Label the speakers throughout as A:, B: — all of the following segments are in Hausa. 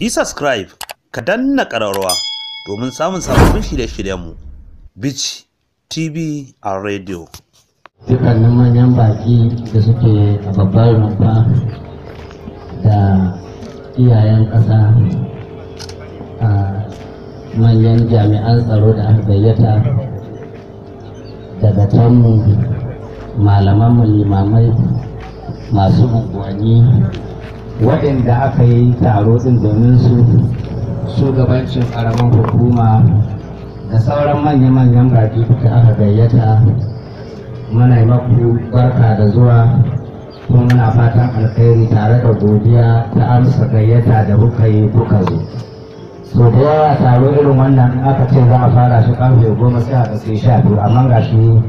A: yi subscribe ka danna ƙararrawa domin samun sababbin shirye-shiryenmu bitch tv a radio
B: dukkanin manyan baki da suke a babbar rumfa da iyayen ƙasa a manyan jami'an tsaro da aka gayyata daga tanmu malamanmu limamai masu unguwanni waɗanda aka yi taro ɗin domin su shugabancin ƙaramin hukuma da sauran manya-manyan baki da aka gayyata muna maku barka da zuwa kuma muna fatan alkhairi tare da godiya ta amsa gayyata da kuka yi kuka zo so da yawa taro irin wannan aka ce za a fara shi karfe goma sai a ƙasai sha biyu amma ga shi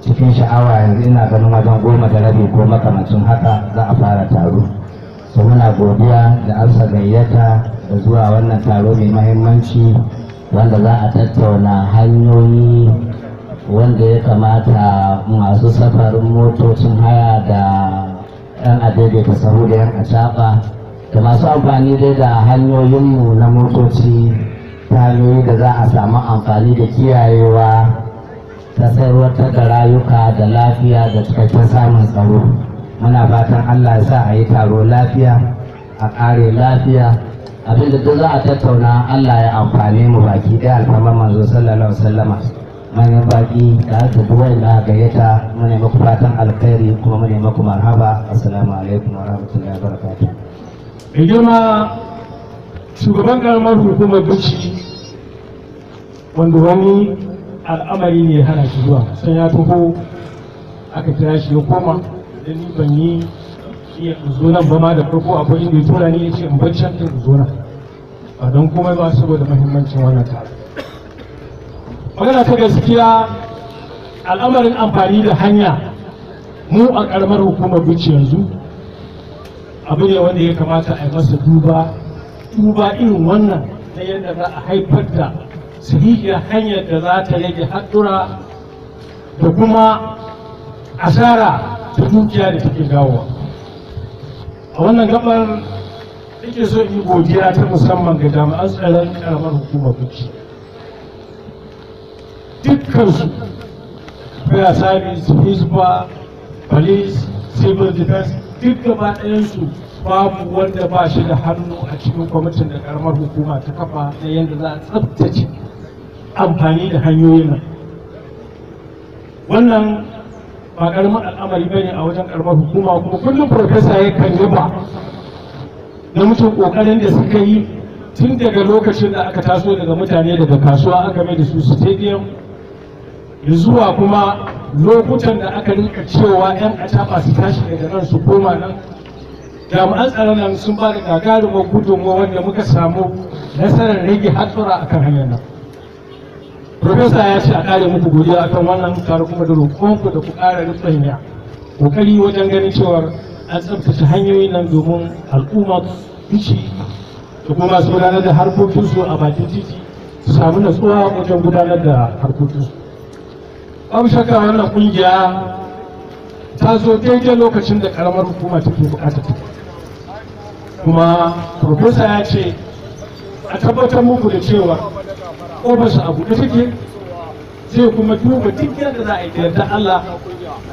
B: cikin sha'awa yanzu ina ganin wajen goma da rabi ko makamancin haka za a fara taro su muna godiya da amsa gayyata da zuwa wannan taro mai mahimmanci wanda za a tattauna hanyoyi wanda ya kamata masu safarin motocin haya da 'yan ta sahu da 'yan acaba da masu amfani dai da hanyoyinmu na motoci ta hanyoyi da za a samu amfani da kiyayewa ta tsayarwar ta da rayuka da lafiya da cikakken samun tsaro muna fatan Allah ya sa a yi taro lafiya a ƙare lafiya abinda duk za a tattauna Allah ya amfane mu baki ɗaya alfama manzo sallallahu alaihi wasallama manyan baki da aka duwai na gayyata mu ne muku fatan alkhairi kuma mu ne muku marhaba assalamu alaikum wa rahmatullahi wa barakatuh
A: rigima shugaban karamar hukumar bishi wanda wani al'amari ne hana shi zuwa sai ya taho aka kira shi ya koma da ni ban yi iya zo nan ba ma da farko akwai inda ya tura ni ya ce in bar can in zo nan don komai ba saboda mahimmancin wannan taro magana ta gaskiya al'amarin amfani da hanya mu a karamar hukumar bici yanzu abu ne wanda ya kamata a yi masa duba duba irin wannan na yadda za a haifar da sahihiyar hanyar da za ta rage haɗura da kuma asara ta dukiya da take dawowa a wannan gabar ake so in godiya ta musamman ga jami'an tsaron karamar hukumar kuci dukkansu fire service hisba police civil defense duk gaba ɗayansu babu wanda ba shi da hannu a cikin kwamitin da karamar hukuma ta kafa na yadda za a tsabtace amfani da hanyoyin nan wannan ba karamin al'amari bane a wajen karamar hukuma kuma kullum profesa ya kan ba na mutum kokarin da suka yi tun daga lokacin da aka taso daga mutane daga kasuwa aka mai da su stadium zuwa kuma lokutan da aka rinka cewa 'yan ataba su tashi daga nan su koma nan jami'an tsaron nan sun ba da gagarumar gudunmu wanda muka samu nasarar rage hatsura akan hanyar nan profesa ya ce a kare muku godiya kan wannan tare kuma da roƙonku da ku ƙara rufanya ƙoƙari wajen ganin cewa an tsabtace hanyoyin nan domin al'umma fici da kuma su gudanar da harkokinsu a bakin titi su samu natsuwa wajen gudanar da harkokinsu babu shakka wannan ƙungiya ta zo daidai lokacin da ƙaramar hukuma take buƙatar ta kuma profesa ya ce a tabbatar muku da cewa kofarsa a buɗe take zai kuma duba duk yadda za a yi yarda Allah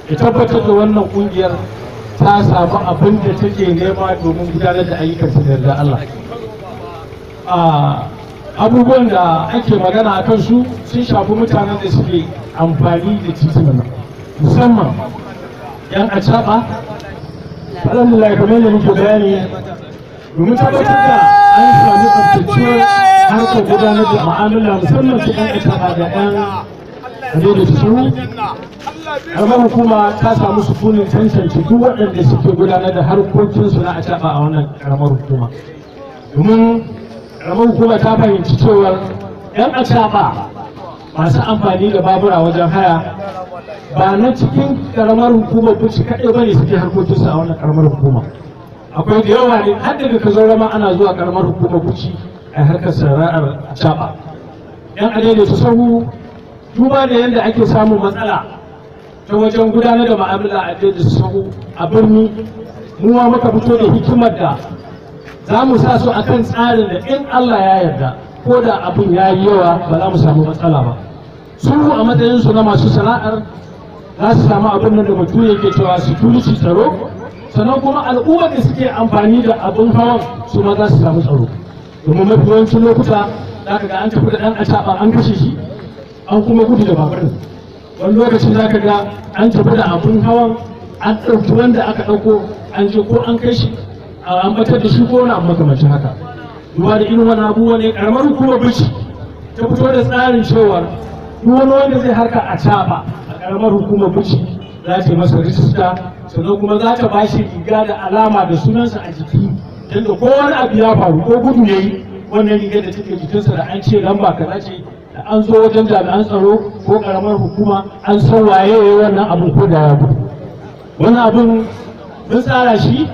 A: ya tabbatar da wannan kungiyar ta samu abin da take nema domin gudanar da ayyukan su yarda Allah abubuwan da ake magana a kan su sun shafi mutanen da suke amfani da titunan musamman yan acaba alhamdulillah kamar yadda muke bayani domin tabbatar da an sami tsabtacciyar harkar gudanar da ma'amala musamman su ɗan ƙasa da ɗan daidaita su karamar hukuma ta samu sukunin tantance duk waɗanda suke gudanar da harkokinsu na acaɓa a wannan karamar hukuma domin karamar hukuma ta fahimci cewa yan acaɓa masu amfani da babura wajen haya ba na cikin karamar hukuma ba ci kaɗai ba ne suke harkokinsu a wannan karamar hukuma akwai da yawa ne har daga ka zaura ana zuwa karamar hukumar kuci a harkar sana'ar caba yan adai su sahu duba da yadda ake samun matsala ta wajen gudanar da ma'amala a adai su sahu a birni mu ma muka fito da hikimar da za mu sa su akan tsarin da in Allah ya yarda ko da abin ya yi yawa ba za mu samu matsala ba su a matsayin su na masu sana'ar za su samu abin da mutum yake cewa security tsaro sannan kuma al'ummar da suke amfani da abin hawan su ma za su samu tsaro domin mafi yawancin lokuta za ka ga an tafi da ɗan acaɓa an kashe shi an kuma gudu da babur wani lokaci za ka ga an tafi da abin hawan an ɗauki wanda aka ɗauko an je ko an kai shi an batar da shi ko wani abu makamancin haka duba da irin wani abubuwa ne karamar hukumar bici ta fito da tsarin cewa duk wani wanda zai harka a caba a karamar hukumar bici za ta yi masa rijista sannan kuma za ta bashi riga da alama da sunansa a jiki don da kowane abu ya faru ko gudu ya yi wannan riga da take jikinsa da an ce lamba kaza ce da an zo wajen jami'an tsaro ko karamar hukuma an san waye wannan abin ko da ya gudu Wani abin mun tsara shi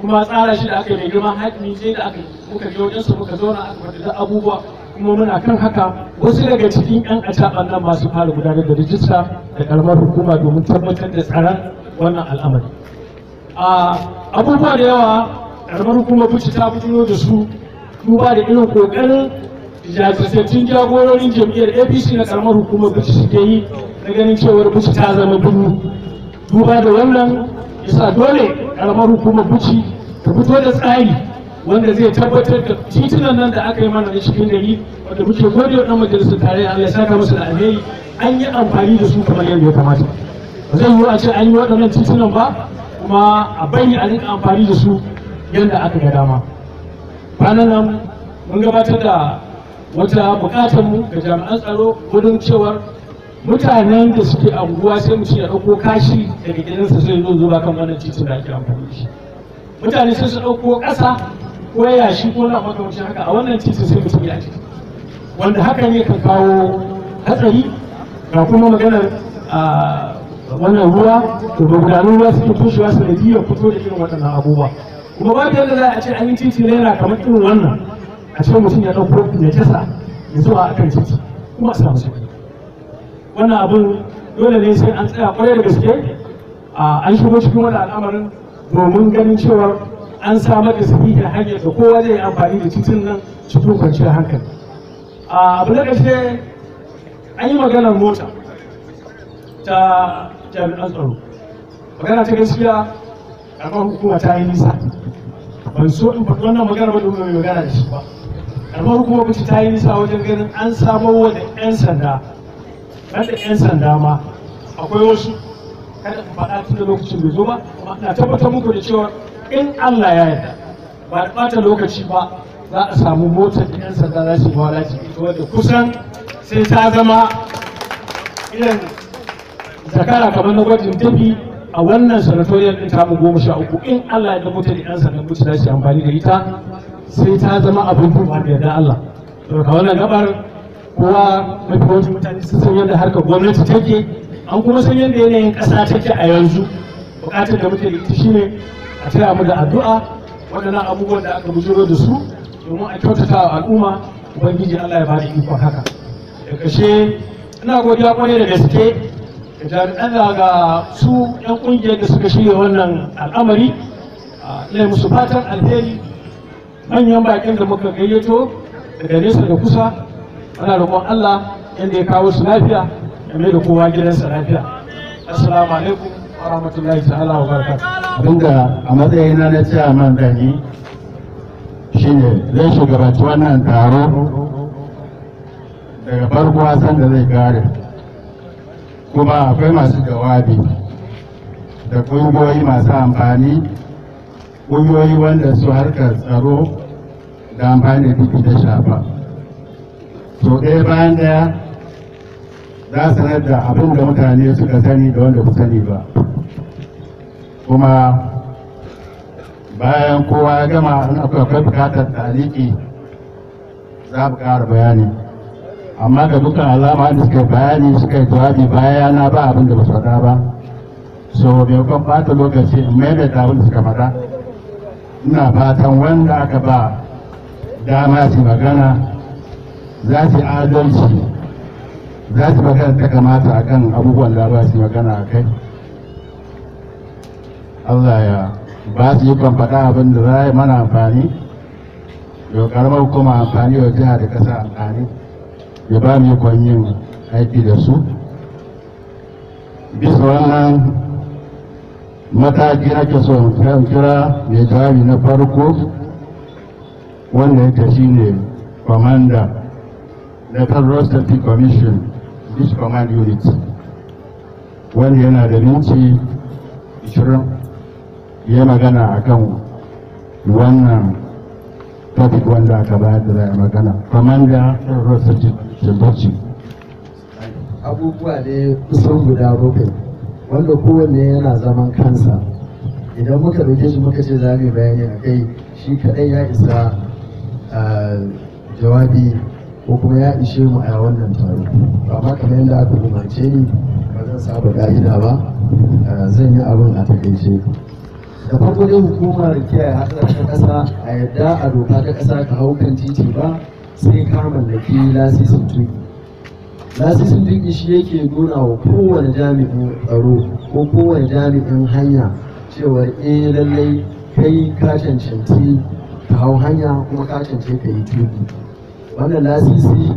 A: kuma tsara shi da aka yi mai girman hakimi sai da aka muka je wajensa muka zauna aka faɗi abubuwa kuma muna kan haka wasu daga cikin 'yan acaɓan nan masu fara gudanar da rijista da karamar hukuma domin tabbatar da tsaron wannan al'amari abubuwa da yawa ƙarfar hukumar fushi ta fito da su duba da irin ƙoƙarin jajirtattun jagororin jam'iyyar apc na ƙaramar hukumar fice suke yi na ganin cewar fice ta zama birni duba da wannan isa dole ƙaramar hukumar buci ta fito da tsari wanda zai tabbatar da titunan nan da aka yi mana na cikin gari wanda muke gode wa ɗan majalisar tarayya Allah ya saka musu da alheri an yi amfani da su kamar yadda ya kamata zai yi a ce an yi waɗannan titunan ba kuma a bayyana a rinka amfani da su yadda aka ga dama ranar nan mun gabatar da wata bukatar mu ga jami'an tsaro gudun cewar mutanen da suke anguwa sai mu ce ya ɗauko kashi daga gidansa zai zo zuwa kan wannan titi da ake amfani da shi mutane sai su ɗauko ƙasa ko yashi ko na makamacin haka a wannan titi sai mutum ya ciki wanda haka ne kan kawo hatsari ga kuma maganar ah, wannan ruwa to magudanan ruwa suke tushewa su da biyu fito da irin waɗannan abubuwa kuma ba ta yadda za a ce an yi titi na yana kamar irin wannan a ce mutum ya ɗauko ya jasa ya zuwa a kan titi kuma a samu sauƙi wannan abin dole ne sai an tsaya kwarai da gaske an shigo cikin wani al'amarin domin ganin cewa an samar da sahihin hanyar da kowa zai yi amfani da titin nan cikin kwanciyar hankali abu na ƙarshe an yi maganar mota ta jami'an tsaro magana ta gaskiya karamar hukuma ta yi nisa ban so in faɗi wannan magana ba domin mai magana da shi ba karamar hukuma ba ta yi nisa wajen ganin an samar wa da 'yan sanda ban da 'yan sanda ma akwai wasu kada in faɗa tun da lokacin bai zo ba amma ina tabbatar muku da cewa in Allah ya yarda ba da ɓata lokaci ba za a samu motar da 'yan sanda za su yi mawala ita wadda kusan sai ta zama irin zakara kamar na gwajin tafi a wannan sanatoriyar ɗin tamu goma sha uku in Allah ya dabbata da ɗan sanar mutu dace amfani da ita sai ta zama abin kuma da yarda Allah to ka wannan gabar kowa mafi wajen mutane sun san yadda harkar gwamnati take an kuma san yadda yanayin ƙasa take a yanzu buƙatar da muke da ita shine a taya mu da addu'a waɗannan abubuwan da aka bujuro da su domin a kyautata wa al'umma ubangiji Allah ya bada ikon haka da ƙarshe ina godiya kwarai da gaske jami'an da ga su 'yan ƙungiyar da suka shirya wannan al'amari ina musu fatan alheri manyan baƙin da muka gayyato daga nesa da kusa ana roƙon Allah inda ya kawo su lafiya ya mai da kowa gidansa lafiya assalamu alaikum wa rahmatullahi ta'ala wa barakatuh abinda a
C: matsayina na man gani shine zai shugabanci wannan taro daga farko san da zai kare kuma akwai masu jawabi da ƙungiyoyi masu amfani ƙungiyoyi wanda su harkar tsaro da amfani duki da shafa to ɗaya bayan ɗaya za sanar da abin da mutane suka sani da wanda ku sani ba kuma bayan kowa ya gama in akwai bukatar taliki za mu ƙara bayani amma da duka alama da suka bayani suka jawabi baya na ba abin da ba su faɗa ba so maimakon bata lokaci in maimaita abin da suka faɗa ina fatan wanda aka ba dama su magana za su adalci za su magana ta kamata a kan abubuwan da ba su magana a kai allah ya ba su yi faɗa abin da za mana amfani yau karamar kuma amfani wa jiha da ƙasa amfani ya ba mu ikon yin aiki da su bisa wannan mataki ake son kira mai jawabi na farko wanda yake ne commander na federal safety commission dish command unit wanda yana da minti 20 ya magana akan wannan topic wanda aka bayar da magana
D: commander federal safety Zimbabwe. Abubuwa ne kusan guda bakwai wanda kowanne yana zaman kansa. Idan muka ɗauke shi muka ce za mu bayani a kai shi kaɗai ya isa jawabi ko kuma ya ishe mu a wannan taro. Amma kamar yadda aka umarce ni ba zan saba ƙa'ida ba zan yi abin a takaice. da farko dai hukumar kiyaye hatsara ta ƙasa a yadda a doka ta ƙasa ka hau kan titi ba sai ka mallaki lasisin tuki lasisin tuki shi yake nuna wa kowane jami'in tsaro ko kowane jami'in hanya cewar eh lallai kai ka cancanci ka hau hanya kuma ka ka yi tuki wannan lasisi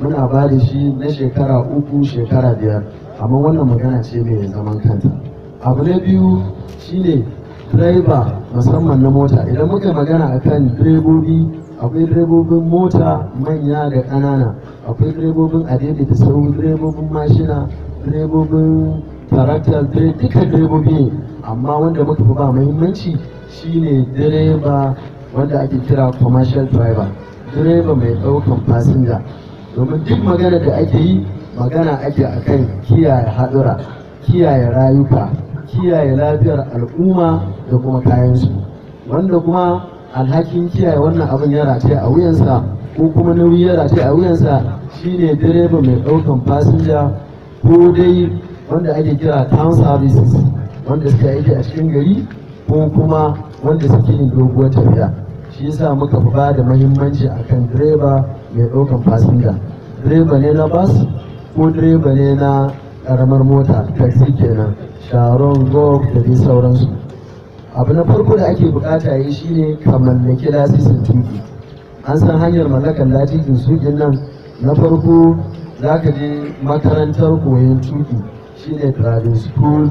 D: muna ba da shi na shekara uku shekara biyar amma wannan magana ce mai zaman kanta abu na biyu shine driver musamman na mota idan muka magana akan direbobi akwai direbobin mota manya da ƙanana akwai direbobin da sauri direbobin mashina direbobin tarakta duka direbobi amma wanda muka fi ba muhimmanci shine direba wanda ake kira commercial driver direba mai ɗaukan fasinja domin duk magana da ake yi magana ake akan kiyaye haɗura kiyaye rayuka kiyaye lafiyar al'umma da kuma kayansu wanda kuma alhakin kiyaye wannan abin ya rataye a wuyansa ko kuma nauyi ya rataye a wuyansa shine direba mai ɗaukan fasinja ko dai wanda ake kira town services wanda suka aiki a cikin gari ko kuma wanda suke yin doguwar tafiya shi yasa muka ba da mahimmanci akan direba mai ɗaukan fasinja direba ne na bus ko direba ne na karamar mota taxi kenan sharon golf da dai sauransu abu na farko da ake bukata yi shine ka mallaki lasisin tuki an san hanyar mallakar lasisin tukin nan na farko za ka je makarantar koyon tuki shine driving school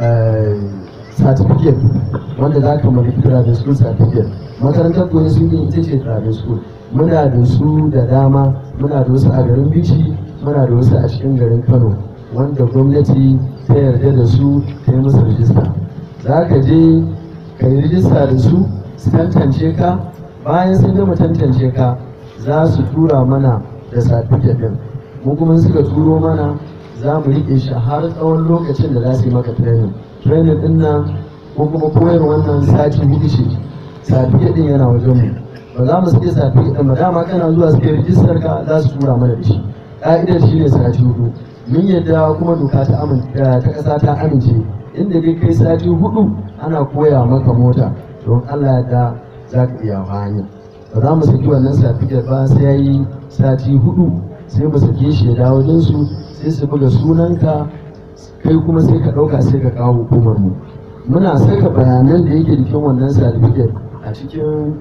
D: eh, certificate wanda za ka mallaki driving school certificate makarantar koyon tuki ita ce driving school muna da su da dama muna da wasu a garin bici muna da wasu a cikin garin kano wanda gwamnati ta yarda da su ta yi musu rijista za ka je ka yi rijista da su su tantance ka bayan sun gama tantance ka za su tura mana da certificate ɗin mu kuma suka turo mana za mu riƙe shi har tsawon lokacin da za su yi maka training training ɗin nan ko kuma koyar wannan sati hudu ce certificate ɗin yana wajen mu ba za mu suke certificate ɗin ba dama kana zuwa suke rijistar ka za su tura mana da shi ƙa'idar shi ne sati hudu mun yadda kuma doka ta ƙasa ta amince inda dai kai sati hudu ana koya maka mota don Allah ya da za ka iya hanya ba za mu saki wannan safiyar ba sai ya yi sati hudu sai mu saki shaida wajen su sai su buga sunanka kai kuma sai ka ɗauka sai ka kawo hukumar mu muna saka bayanan da yake jikin wannan certificate a cikin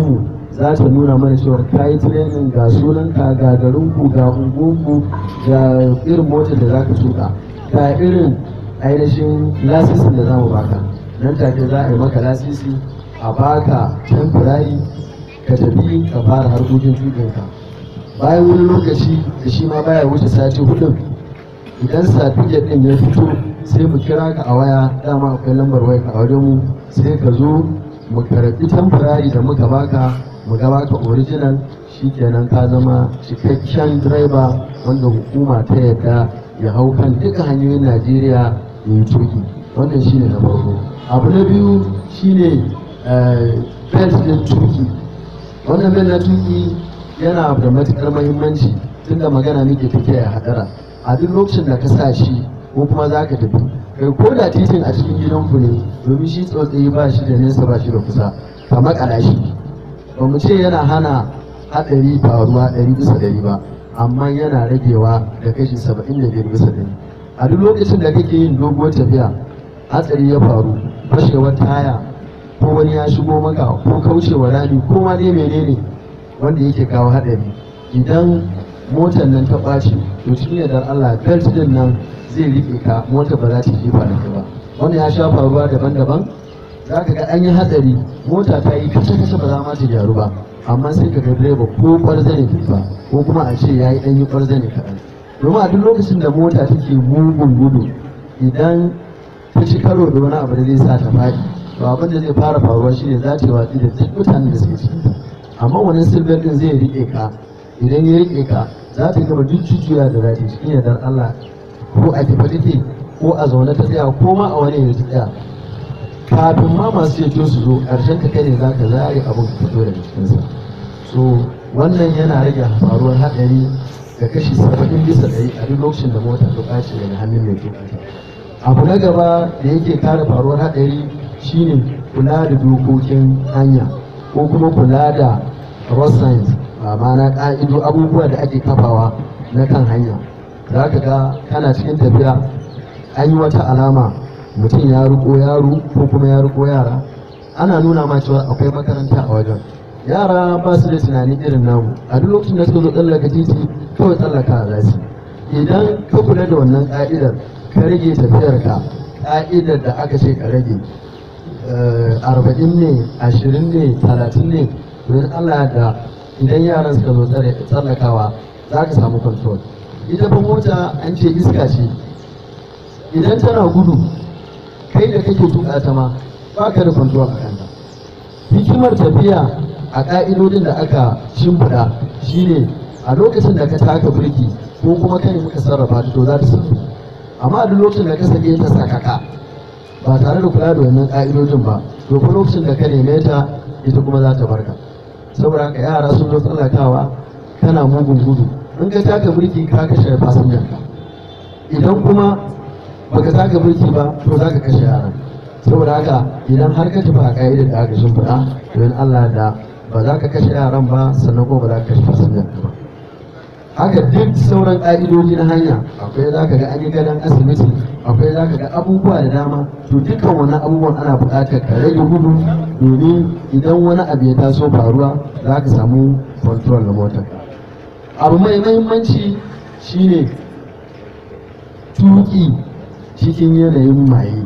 D: mu za ta nuna mana cewa ka yi training ga sunanka ga garinku ga unguwanku ga irin motar da za ka tuka ga irin ainihin lasisin da zamu baka nan take za a yi maka lasisi a baka temporary ka tafi ka fara harkokin tukinka bayan wani lokaci da shi ma baya wuce sati hudun idan certificate ɗin ya fito sai mu kira ka a waya dama akwai lambar waya a wajen mu sai ka zo mu karɓi temporary da muka baka mu gabata original kenan ka zama cikakken direba wanda hukuma ta yadda ya hau kan duka hanyoyin najeriya ya eh, yi wannan shi ne na farko abu na biyu shi ne eh, belt na tuki wannan belt na tuki yana da matuƙar mahimmanci tunda magana muke take a hadara a duk lokacin da ka sa shi ko kuma za ka tafi kai ko da titin a cikin gidanku ne domin shi tsotsayi ba shi da nesa ba shi da kusa ka makala shi ba mu ce yana hana haɗari faruwa ɗari bisa ɗari ba amma yana ragewa da kashi saba'in da biyar bisa ɗari a duk lokacin da kake yin doguwar tafiya hatsari ya faru fashewar taya ko wani ya shigo maka ko kaucewa rami ko ma dai menene wanda yake kawo haɗari idan motar nan ta ɓaci to ne yardar Allah belt din nan zai riƙe ka motar ba za ta jefa da ba wannan ya sha faruwa daban-daban za ka ga an yi hatsari mota ta yi kashe-kashe ba za ma ta gyaru ba amma sai ka ga direba ko ƙwarzane ba ko kuma a ce ya yi ɗan yi ƙwarzane kaɗan domin a duk lokacin da mota take mugun gudu idan ta ci karo da wani abu da zai sa ta faɗi to abin da zai fara faruwa shi ne za ta watsi da duk mutanen da suke cikin amma wani silver din zai riƙe ka idan ya riƙe ka za ta gaba duk jujjuya da za ta cikin yadda Allah ko a tafi ko a zaune ta tsaya ko ma a wani yanzu tsaya kafin ma masu ceto su zo ƙarshen ka kai za ka zare abin ka fito daga cikinsa so wannan yana rage faruwar haɗari da kashi saba'in bisa ɗari a duk lokacin da mota ta ɓaci daga hannun mai tuka abu na gaba da yake kare faruwar haɗari shine kula da dokokin hanya ko kuma kula da road signs na ƙa'ido abubuwa da ake kafawa na kan hanya za ka ga kana cikin tafiya an yi wata alama mutum ya riko yaro ko kuma ya riko yara ana nuna ma cewa akwai makaranta a wajen yara ba su da tunani irin namu a duk lokacin da suka zo tsallaka titi kawai tsallaka za su idan ka kula da wannan ka'idar ka rage tafiyarka ka'idar da aka ce ka rage eh, arba'in ne ashirin ne talatin ne wani allah da idan yaran suka zo tsallakawa za ka samu control ita ba mota an ce iska ce idan tana gudu kai da kake tuka ta ma ba ka da control a kanta hikimar tafiya a ƙa'idodin da aka shimfiɗa shine a lokacin da ka taka birki ko kuma kai muka sarrafa to za ta sanu amma a duk lokacin da ka sake ta sakaka ba tare da kula da wannan ƙa'idodin ba to kuma lokacin da ka neme ta ita kuma za ta barka saboda haka yara sun zo tsallakawa kana mugun gudu in ka taka birki ka kashe fasinjan ka idan kuma baka taka birki ba to za ka kashe yaran saboda haka idan har ka tafi a ƙa'idar da aka shimfiɗa to in Allah da ba za ka kashe yaran ba sannan kuma ba za ka kashe
E: fasinjan ba
D: haka duk sauran ƙa'idoji na hanya akwai za ka ga an yi gadon asibiti akwai za ka ga abubuwa da dama to dukkan wani abubuwan ana buƙatar ka rage gudu domin idan wani abu ya taso faruwa za ka samu control na motar abu mai mahimmanci shine tuki cikin yanayin maye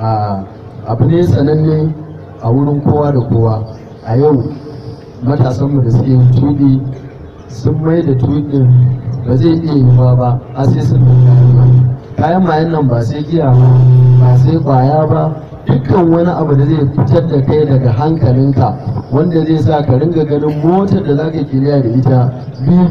D: ah, abu ne sananne a wurin kowa da kowa a yau matasanmu da suke yin tuɗi sun mai da tudin ba zai iya yi ba a sai sun da kayan mayan nan ba sai giya ba ba sai kwaya ba dukkan wani abu da zai fitar da kai daga hankalinka wanda zai sa ka ringa ganin motar da zaka kiriya da ita biyu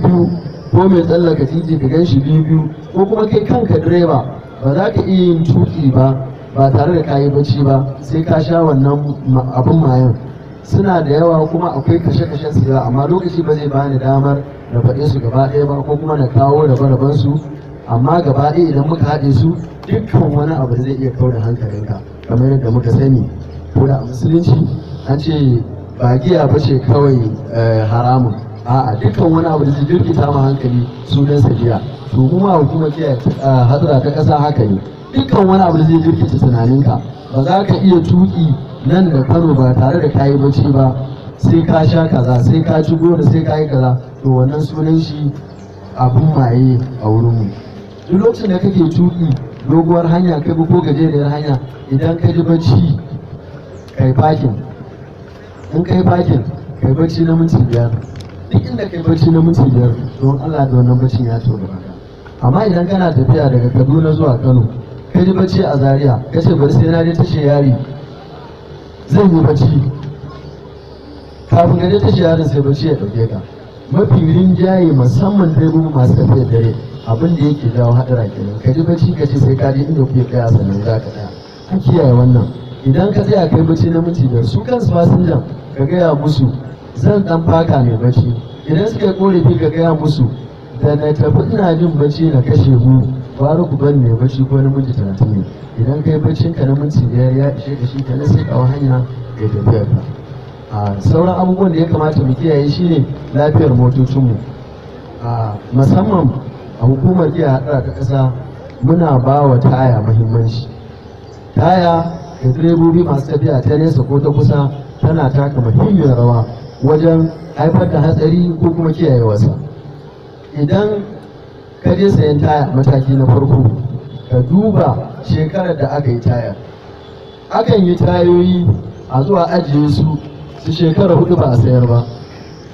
D: ko mai tsallaka titi ka gan shi biyu ko kuma kai kanka direba ba za ka iya yin tuki ba ba tare da kayi bacci ba sai ka sha wannan abin mayan suna da yawa kuma akwai kashe-kashe su yawa amma lokaci ba zai bani damar na faɗe su gaba ɗaya ba ko kuma na kawo rabe-raben su amma gaba ɗaya idan muka haɗe su dukkan wani abu zai iya da hankalinka kamar yadda muka sani ko da musulunci an ce ba giya ba ce kawai eh, haramun a'a dukkan wani abu da zai jirkita ma hankali sunan sa giya to kuma hukumar giya eh, hatsara ta ƙasa haka ne dukkan wani abu da zai jirkita tunaninka ba za ka iya tuki. nan da kano ba tare da kayi bacci ba sai ka sha kaza sai ka ci goro sai ka yi kaza to wannan sunan shi abun maye a wurin mu. duk lokacin da kake tuki doguwar hanya kai ko gajeriyar hanya idan ka ji bacci kai fakin in kai fakin kai bacci na minti biyar duk
E: inda kai bacci
D: na minti biyar don Allah da wannan baccin ya tsoro amma idan kana tafiya daga Kaduna zuwa Kano kai ji bacci a Zaria kace bari sai na je tashi yari zai yi bacci kafin gare ta shi yaron sai bacci ya dauke ka mafi rinjaye musamman dai mu masu tafiyar dare abin da yake dawo haɗara kenan ka ji bacci ka ce sai ka ji inda kuke kaya sannan za ka tsaya ku kiyaye wannan idan ka tsaya kai bacci na miji da su kansu fasinjan ka gaya musu zan dan faka ne bacci idan suka kore korafi ka gaya musu da na tafi ina jin bacci na kashe mu ku ban mai bashi ko namiji talatin ne idan kai bacin ka na minti biyar ya ishe da shi ka na sai kawo hanya ya tafiyar ka a sauran abubuwan da ya kamata mu kiyaye shi ne lafiyar motocinmu a musamman a hukumar iya haɗara ta ƙasa muna ba wa taya muhimmanci taya da direbobi masu tafiya ta nesa ko ta kusa tana taka muhimmiyar rawa wajen haifar da hatsari ko kuma kiyaye wasa idan ka sayan taya mataki na farko ka duba shekarar da aka yi taya akan yi tayoyi a zuwa ajiye su su shekara hudu ba a sayar ba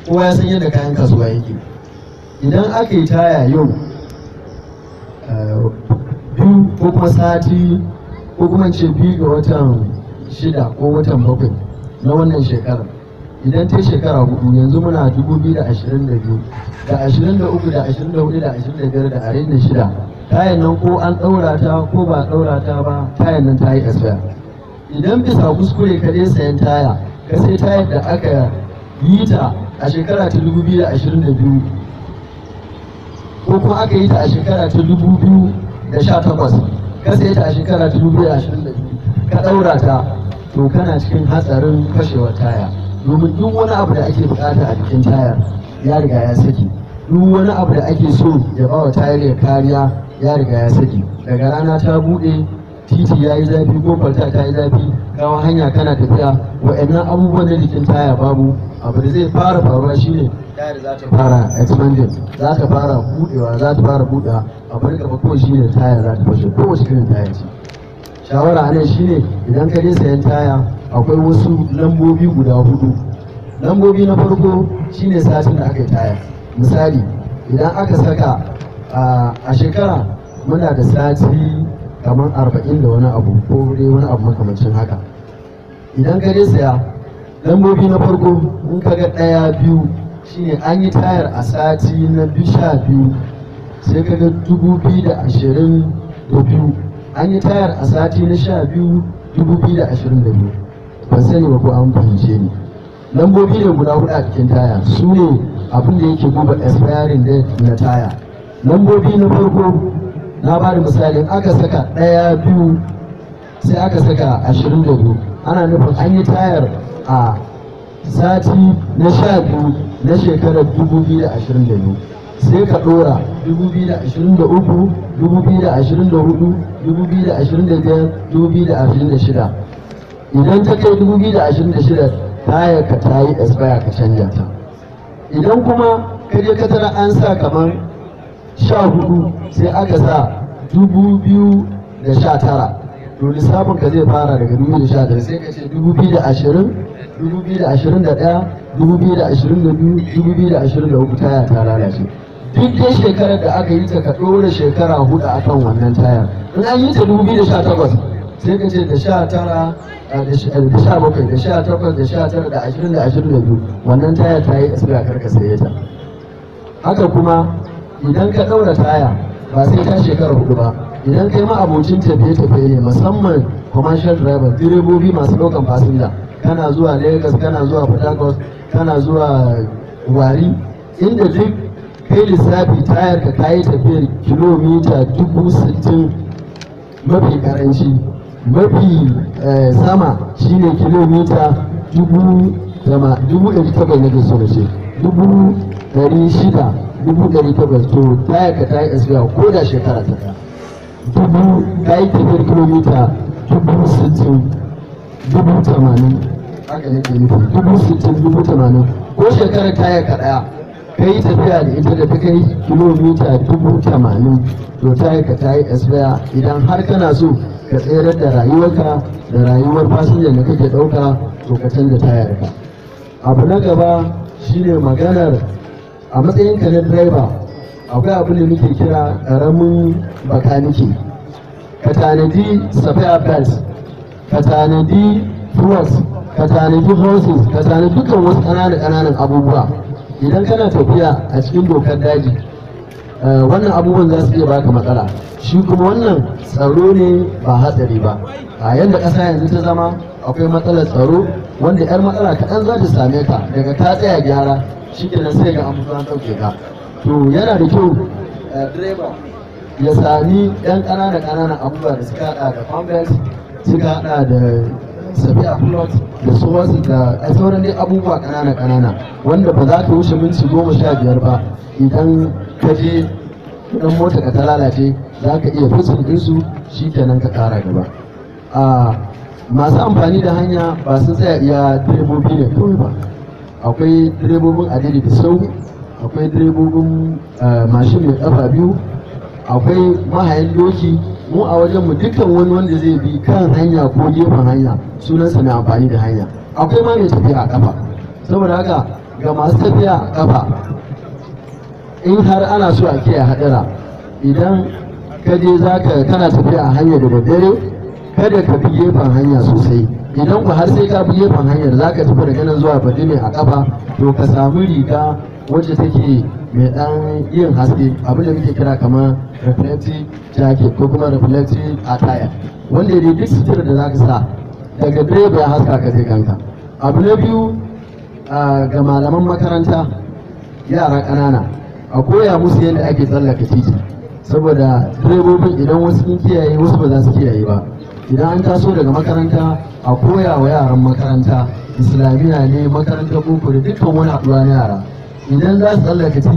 D: kowa ya san yadda kayan kasuwa yake idan aka yi taya yau eh, biyu ko kuma sati ko kuma ce biyu ga watan shida ko watan bakwai na wannan shekarar idan ta shekara hudu yanzu muna dubu biyu da ashirin da biyu da ashirin da uku da ashirin da hudu da ashirin da biyar da arin da shida tayan nan ko an ɗaura ta ko ba ɗaura ta ba tayan nan ta yi asaya idan bisa kuskure ka je sayan taya ka sai tayar da aka yi ta a shekara ta dubu biyu da ashirin da biyu ko kuma aka yi ta a shekara ta dubu biyu da sha takwas ka sai ta a shekara ta dubu biyu da ashirin da biyu ka ɗaura ta to kana cikin hatsarin fashewar taya domin duk wani abu da ake bukata a jikin tayar ya riga ya saki duk wani abu da ake so ya ba wa tayar ya kariya ya riga ya saki daga rana ta bude titi ya yi zafi ko kwalta ta yi zafi gawan hanya kana tafiya wa'annan abubuwan na jikin taya babu abu da zai fara faruwa shine tayar za ta fara expanding za ta fara budewa za ta fara budewa abu da ko shine taya za ta fashe kowace irin taya ce shawara anan shine idan ka je sayan taya akwai wasu lambobi guda hudu lambobi na farko shine satin da aka taya misali idan aka saka a shekara muna da sati kamar arba'in da wani abu ko dai wani abu makamancin haka idan ka saya lambobi na farko in ka ga ɗaya biyu shine an yi tayar a sati na sha biyu sai ka ga dubu biyu da ashirin da biyu an yi tayar a sati na sha biyu dubu biyu da ashirin da biyu ban sani ba ko an fahimce ni lambobi da guda hudu a cikin taya su ne abin da yake duba expiring date na taya lambobi na farko na ba da misali aka saka ɗaya biyu sai aka saka ashirin da biyu ana nufin an yi tayar a sati na sha biyu na shekarar dubu biyu da ashirin da biyu sai ka ɗora dubu biyu da ashirin da uku dubu biyu da ashirin da hudu dubu biyu da ashirin da biyar dubu biyu da ashirin da shida idan ta kai shida, taya ka ta yi expire ka canja ta idan kuma ka je ka tara an sa kamar sha hudu sai aka sa
E: dubu biyu
D: da sha tara to lissafin ka zai fara daga dubu biyu da sha tara sai ka ce dubu biyu da ashirin dubu biyu da ashirin da ɗaya dubu biyu da ashirin da biyu dubu biyu da ashirin da uku taya ta lalace duk dai shekarar da aka yi ta ka ɗora shekara hudu akan wannan tayar in an yi ta dubu biyu da sha takwas sai ka ce da sha tara Eh, eh, da sha bakwai da sha takwas da sha tara da ashirin da ashirin da biyu wannan taya ta yi asira karka saye ta haka kuma idan ka ɗaura taya ba sai ta shekara hudu ba idan kai ma abocin tafiye-tafiye ne musamman commercial driver direbobi masu ɗaukan fasinja kana zuwa lagos kana zuwa port kana zuwa wari inda duk kai lissafi tayar ka kayi tafiyar kilomita dubu sittin mafi karanci mafi eh, sama shine kilomita dubu dama dubu ɗari takwas nake so na ce dubu ɗari shida dubu ɗari takwas to taya ka taya zuwa ko da shekara ta dubu ta yi tafiyar kilomita dubu sittin dubu tamanin haka ne nake nufi dubu sittin dubu tamanin ko shekara taya ka ɗaya ka yi tafiya da ita da ta kai kilomita dubu tamanin to ta yi ka ta yi asbaya idan har kana so ka tsayar da rayuwarka da rayuwar fasinjan da kake ɗauka to ka canza tayar ka abu na gaba shine maganar a matsayin ka na direba akwai abu da muke kira ƙaramin bakanike ka tanadi safiya belt ka tanadi fuels ka tanadi horses ka tanadi dukkan wasu ƙananan ƙananan abubuwa idan kana tafiya a cikin dokar daji eh, wannan abubuwan za su iya baka matsala shi kuma wannan tsaro ne ba hatsari ba a yadda ƙasa yanzu ta zama akwai matsalar tsaro wanda 'yar matsala kaɗan za ta same ka daga ta tsaya gyara shi kenan sai ga an ɗauke ka to yana da kyau eh, direba ya sami 'yan ƙanana ƙanana abubuwa da suka haɗa da complex suka haɗa da sabi'a plot da sauransu da a sauran dai abubuwa kanana kanana wanda ba za ka wuce minti goma sha biyar ba idan ka je dan mota ka ta lalace za ka iya din su shi kenan ka kara gaba a masu amfani da hanya ba sun tsaya iya direbobi ne kawai ba akwai direbobin adadi da sauri akwai direbobin eh, mashin mai kafa biyu akwai mahayan doki mu a wajen mu dukkan wani wanda zai bi kan hanya ko gefen hanya sunansa na amfani da hanya akwai ma mai tafiya a kafa saboda haka ga masu tafiya a kafa in har ana so a kiyaye hadara idan ka je za ka kana tafiya a hanya da daddare kada ka bi gefen hanya sosai idan ku har sai ka bi gefen hanyar za ka tafi daga nan zuwa badine a kafa to ka samu riga wacce take mai dan yin haske abin da muke kira kamar reflective jacket ko kuma reflective attire wanda dai duk sutura da zaka sa daga direba ya haska ka sai kanka abu na biyu ga malaman makaranta yara ƙanana a koya musu yadda ake tsallaka titi saboda direbobin idan wasu sun kiyaye wasu ba za su kiyaye ba idan an taso daga makaranta a koya wa yaran makaranta islamiyya ne makarantar boko da dukkan wani haɗuwa na yara idan za su tsallaka titi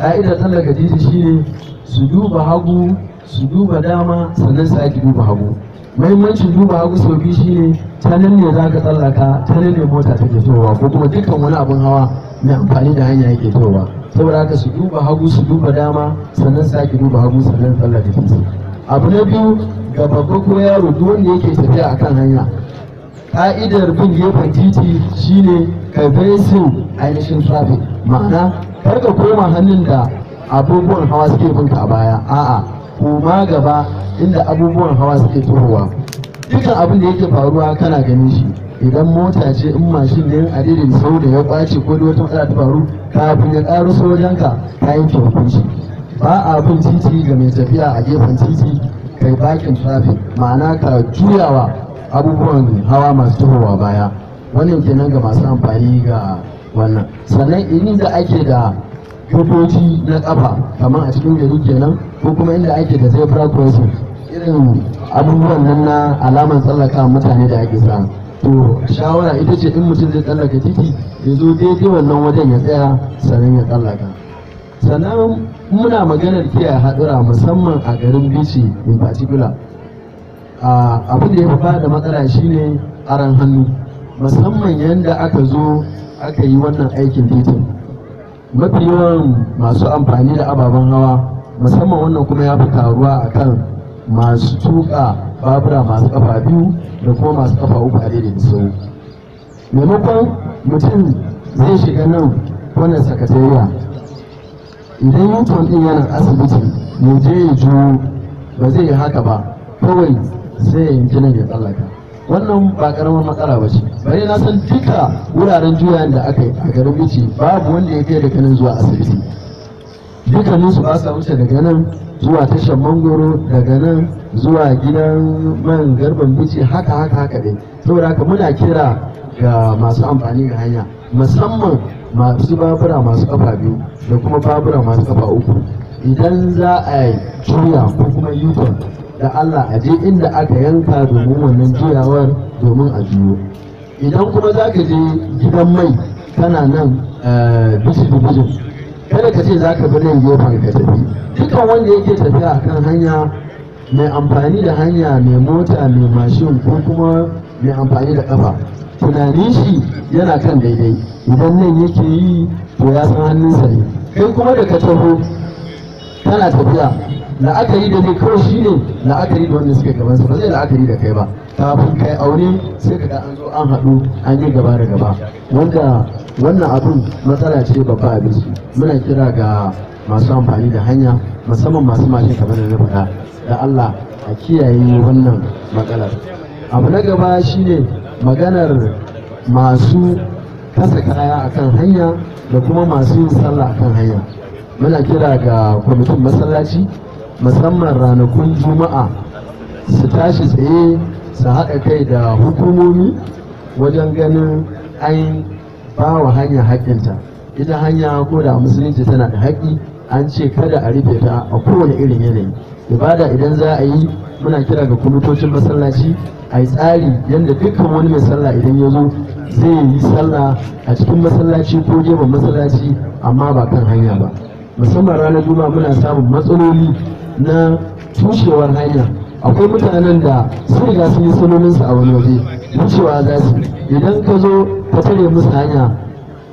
D: ka'idar tsallaka titi shine su duba hagu su duba dama sannan su ake duba hagu mahimmancin duba hagu sau biyu shine ta nan ne za ka tsallaka ta nan ne mota take towa ko kuma dukkan wani abin hawa mai amfani da hanya yake towa saboda haka su duba hagu su duba dama sannan su ake duba hagu sannan tsallaka titi abu na biyu ga babba ko yaro duk wanda yake tafiya akan hanya ka'idar bin gefen titi shine ka facing ainihin traffic ma'ana kar ka koma hannun da abubuwan hawa suke binka a baya a'a kuma gaba inda abubuwan hawa suke turowa dukkan abin da yake faruwa kana ganin shi idan mota ce in mashin ne a daidai sau da ya kwace ko da wata matsala ta faru kafin ya karo sojanka ta yanke hukunci ba a bin titi ga mai tafiya a gefen titi kai bakin trafik. ma'ana ka juyawa abubuwan hawa masu tuhowa baya wannan kenan ga masu amfani ga wannan sannan irin da ake da kofofi na kafa kamar a cikin gari kenan ko kuma inda ake da zebra crossing irin abubuwan nan na alamar tsallaka mutane da ake sa, to shawara ita ce in mutum zai tsallaka titi ya zo daidai wannan wajen ya tsaya sannan ya tsallaka sannan muna maganar kiyaye haɗura musamman a garin bici in particular abin da ya fi da matsala shine aran hannu musamman yadda aka zo aka yi wannan aikin titin mafi yawan masu amfani da ababen hawa musamman wannan kuma ya fi taruwa a kan masu tuka babura masu kafa biyu da kuma masu kafa uku a daidai sau maimakon mutum zai shiga nan wannan sakatariya idan yuton din yana asibiti ya je ya ju ba zai yi haka ba kawai sai ya yanki nan ya tsallaka wannan ba karamar matsala ba ce bari na san duka wuraren juyayen da aka yi a garin wuce babu wanda ya kai daga nan zuwa asibiti duka su ba sa wuce daga nan zuwa tashar mangoro daga nan zuwa gidan man garban bici haka haka haka dai saboda haka muna kira ga masu amfani da hanya musamman masu babura masu kafa biyu da kuma babura masu kafa uku idan za a yi juya ko kuma yuton da Allah a je inda aka yanka domin wannan juyawar domin a juyo idan kuma za ka je gidan mai tana nan eh, da bijin kada ka ce za ka bi nan gefen ka tafi dukan wanda yake tafiya a kan hanya mai amfani da hanya mai mota mai mashin ko kuma mai amfani da kafa tunanin shi yana kan daidai idan nan yake yi to ya san hannunsa ne kai kuma da ka taho kana tafiya la'akari da kai kawai shi ne la'akari da wanda suke gaban su ba zai la'akari da kai ba kafin kai aure sai ka an zo an haɗu an yi gaba da gaba wanda wannan abun matsala ce babba a bisu muna kira ga masu amfani da hanya musamman masu mashin kamar da na faɗa da Allah a kiyaye wannan matsalar abu na gaba shine maganar masu kasa kaya akan hanya da kuma masu yin sallah akan hanya muna kira ga kwamitin masallaci musamman ranakun juma'a su tashi tsaye su haɗa kai da hukumomi wajen ganin an ba wa hanya haƙƙinta ita hanya ko da musulunci tana da haƙƙi an ce kada a rufe ta a kowane irin yanayi ibada idan za a yi muna kira ga kwamitocin masallaci a yi tsari yadda dukkan wani mai sallah idan ya zo zai yi sallah a cikin masallaci ko gefen masallaci amma ba kan hanya ba musamman ranar juma'a muna samun matsaloli na tushewar hanya akwai mutanen da sai ga sun yi salolinsu a wani waje wucewa za su idan ka zo ka tare musu hanya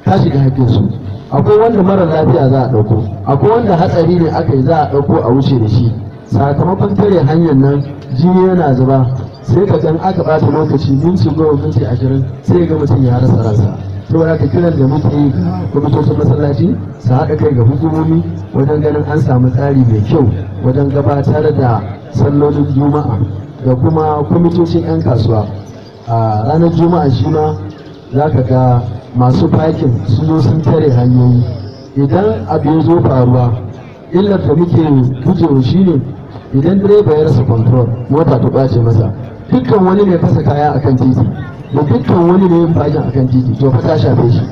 D: ka shiga su akwai wanda mara lafiya za a ɗauko akwai wanda hatsari ne aka yi za a ɗauko a wuce da shi sakamakon tare hanyar nan jini yana zuba sai ka gan aka ɓata lokaci minti goma minti ashirin sai ga mutum ya rasa ransa. saboda ka kiran da muke yi kwamitocin masallaci su haɗa kai ga hukumomi wajen ganin an samu tsari mai kyau wajen gabatar da sallolin juma'a da kuma kwamitocin 'yan kasuwa a ranar juma'a shi ma za ka ga masu fakin su zo sun tare hanyoyi idan abu ya zo faruwa illar da muke gujewa shi ne idan direba ya rasa control mota ta ɓace masa dukkan wani ne fasa kaya akan titi da dukkan wani ne yin fashin akan titi to fa ta shafe shi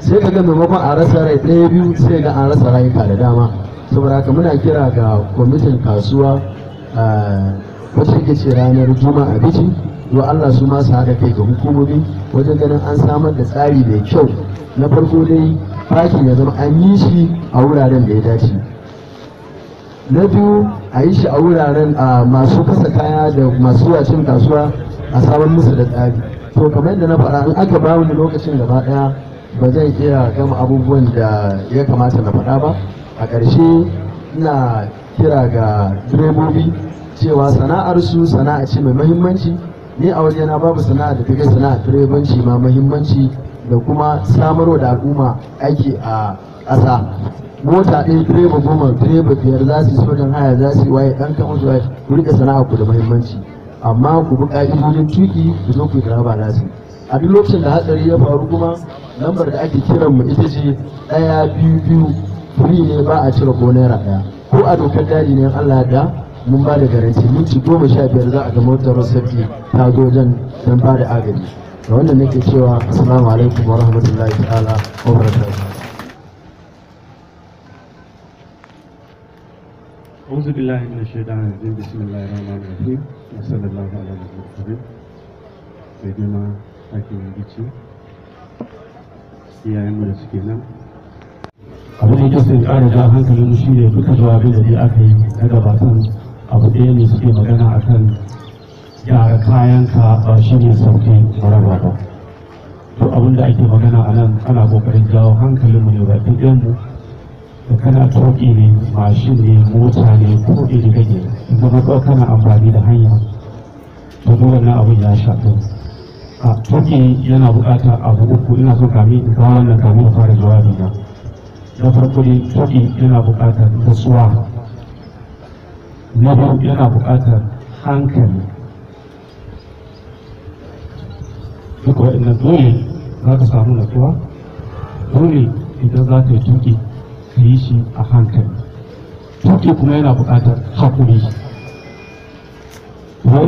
D: sai ka ga maimakon a rasa rai ɗaya biyu sai ga an rasa rayuka da dama saboda haka muna kira ga kwamitin kasuwa eh, wacce ke ce ranar juma'a bici don Allah su masu haɗa kai ga hukumomi wajen ganin an samar da tsari mai kyau na farko dai fakin ya zama an yi shi a wuraren da ya dace na biyu a yi shi a wuraren masu kasa kaya da masu yacin kasuwa a samar musu da tsari so kamar yadda na faɗa in aka ba ni lokacin gaba ɗaya ba zan iya gama abubuwan da ya kamata na faɗa ba a ƙarshe ina kira ga direbobi cewa sana'ar su sana'a ce mai mahimmanci ni a na babu sana'a da take sana'a direbanci ma mahimmanci da kuma samarwa da al'umma aiki a ƙasa mota ɗaya direba goma direba biyar za su yi sojan haya za su yi waye ɗan kamar su waye ku sana'a ku da mahimmanci amma ku bi ƙa'idodin tuki ku zo ku yi driver license a duk lokacin da hatsari ya faru kuma lambar da ake kiran mu ita ce ɗaya biyu biyu free ne ba a cire ko naira ɗaya ko a dokar daji ne Allah da mun ba da garanti minti goma sha biyar za a ga motar rasafi ta zo wajen don ba da agaji da wannan nake cewa assalamu alaikum wa rahmatullahi ta'ala wa barakatuh
A: أعوذ بالله من الشيطان الرجيم بسم الله الرحمن da yake ƙara hankalin shi ne duka jawabin da dai aka yi na gabatan abu ɗaya ne suke magana akan gyara kayan ka ba shi ne ba to abin da ake magana a nan ana ƙoƙarin jawo hankalinmu ne ba ɗin mu kana tuki ne mashin ne mota ne ko iri kake zama ko kana amfani da hanya to dole na abin ya shafi a tuki yana bukata abu uku ina so kami in kawo wannan kami fara jawabi na na farko ne tuki yana da nutsuwa na biyu yana bukata hankali duk waɗannan dole za ka samu natsuwa dole idan za ka yi tuki su yi shi a hankali tuke kuma yana buƙatar haƙuri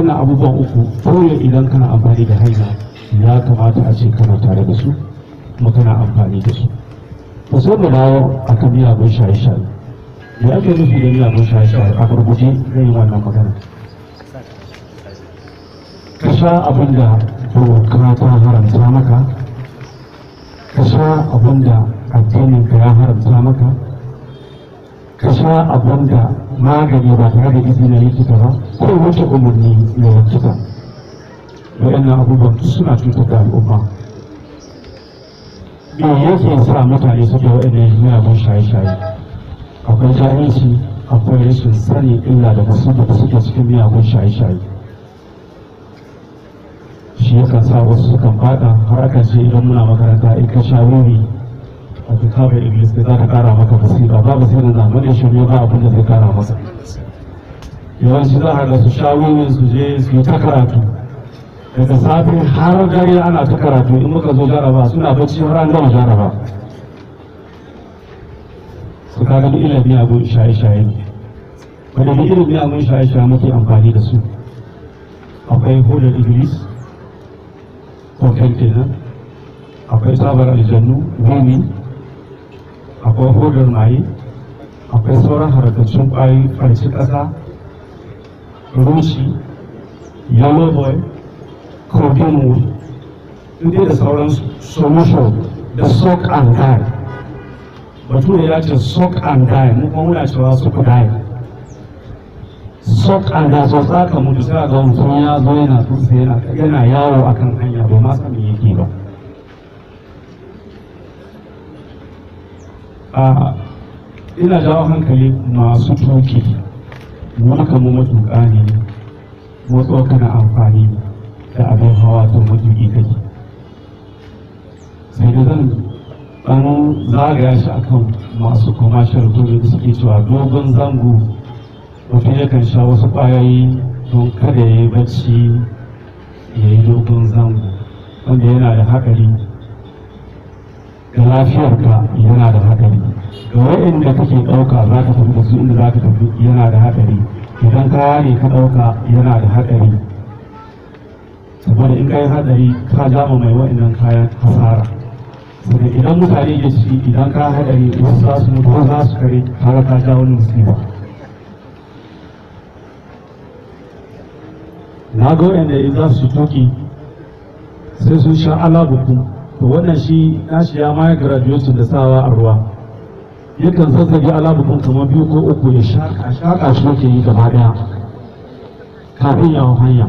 A: na abubuwan uku kawai idan kana amfani da haina ya kamata a ce kana tare da su kuma kana amfani da su ta sai mu dawo a kan miyagun shaye-shaye da ake nufi da miyagun shaye-shaye a gurguje zai yi wannan magana ka sha abin da doka ta haramta maka ka sha abin da addinin ka ya haramta maka ka sha abin da magani ba tare da izinin likita ba ko wata umarni na likita waɗannan abubuwan suna cutar da al'umma me yake sa mutane suke waɗannan miyagun shaye-shaye akwai jahilci akwai rashin sani illa da musamman da suke cikin miyagun shaye-shaye shi yakan sa wasu sukan fada har aka ce idan muna makaranta in ka sha wuri a cuta bai iblis bai za ka kara maka basira ba basira na mana shirme ba abin da zai kara masa yawanci za a ga su shawo su je su yi ta karatu daga safe har dare ana ta karatu in muka zo jaraba suna bacci har an gama jaraba su kaga duk ilimi abin shaye-shaye ne wanda duk ilimi abin shaye-shaye muke amfani da su akwai hudar iblis ko kenan akwai sabar aljannu gumi akwai hodar maye akwai sauran harkacin ƙwayoyi farci ƙasa rushi yellow boy kogin wood inda da sauran solution da sock and batu da ya ce sock and tie mu kuma muna cewa su tie sock and tie so tsaka mutu sai ga mutum ya zo yana tutsi yana yawo akan hanya ba ma san me yake ba ina jawo hankali masu tuki wani kamar matuƙa ne motsuwa kana amfani da abin hawa to matuƙi kai sai da zan ɗan zagaya shi a kan masu commercial da suke cewa dogon zango mutum kan sha wasu ƙwayoyi don kada ya yi bacci ya yi dogon zango wanda yana da haƙari da lafiyarka yana da haɗari da wa'inda kake ɗauka za ka tafi da su inda za ka tafi yana da haɗari idan kaya ne ka ɗauka yana da haɗari saboda in kayan haɗari ka zama mai wa'innan kayan hasara saboda idan mutane ya ci idan ka haɗari wasu za su mutu wasu za su kare kaga ka ja wani musiba na ga wa'inda in za su tuki sai sun sha alabuku to wannan shi nashi ya ma graduation da sawa a ruwa yakan zazzage alamun kamar biyu ko uku ya shaka shaka shi yake yi gaba daya kafin ya hanya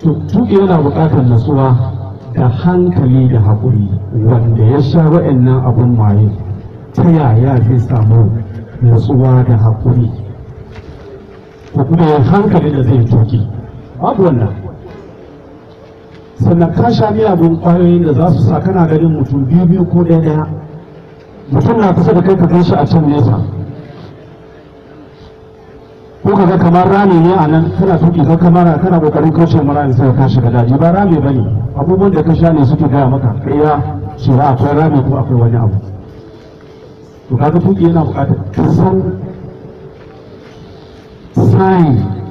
A: to tuke yana bukatar natsuwa da hankali da haƙuri wanda ya sha wa'annan abun maye ta yaya zai samu nutsuwa da haƙuri ko kuma ya hankali da zai tuki babu wannan sannan ka sha miyagun kwayoyin da za su sa kana ganin mutum biyu biyu ko ɗaya ɗaya mutum na kusa da kai ka gan shi a can nesa ko ka ga kamar rami ne a nan kana tuki ka kamara kana kokarin kashe mara rami sai ka kashe daji ba rami ba ne abubuwan da ka sha ne suke gaya maka kai ya cewa akwai rami ko akwai wani abu to kaga tuki yana bukatar ka san sai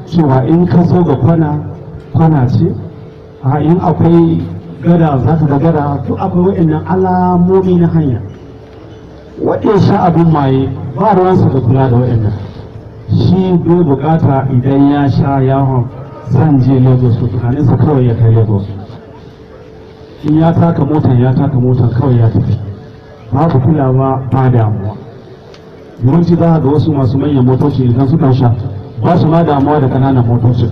A: cewa in ka so ga kwana kwana ce a in akwai gada za ta da gada duk akwai waɗannan alamomi na hanya waɗin sha abin maye ba ruwansa da kula da waɗannan shi do bukata idan ya sha yawon zan je lagos to tunaninsa kawai ya kai lagos in ya taka motan ya taka motan kawai ya tafi babu kulawa ba damuwa yawanci za ga wasu masu manyan motoci idan suka sha ba su ma damuwa da kananan motocin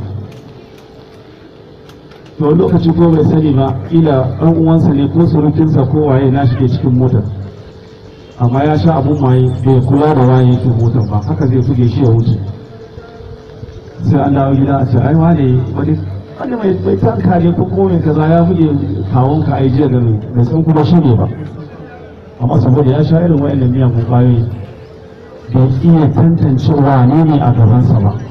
A: to wani lokaci ko bai sani ba ila ɗan uwansa ne ko surukinsa ko waye na shige cikin motar amma ya sha abun maye bai kula da waye yake motar ba haka zai fuge shi ya wuce sai an dawo gida a ce ai wane wani wani mai mai tanka ne ko kome kaza ya buge kawon ka ai jiya da mai san kuma shi ne ba amma saboda ya sha irin wa'annan miyagun kwayoyi bai iya tantancewa ne ne a gabansa ba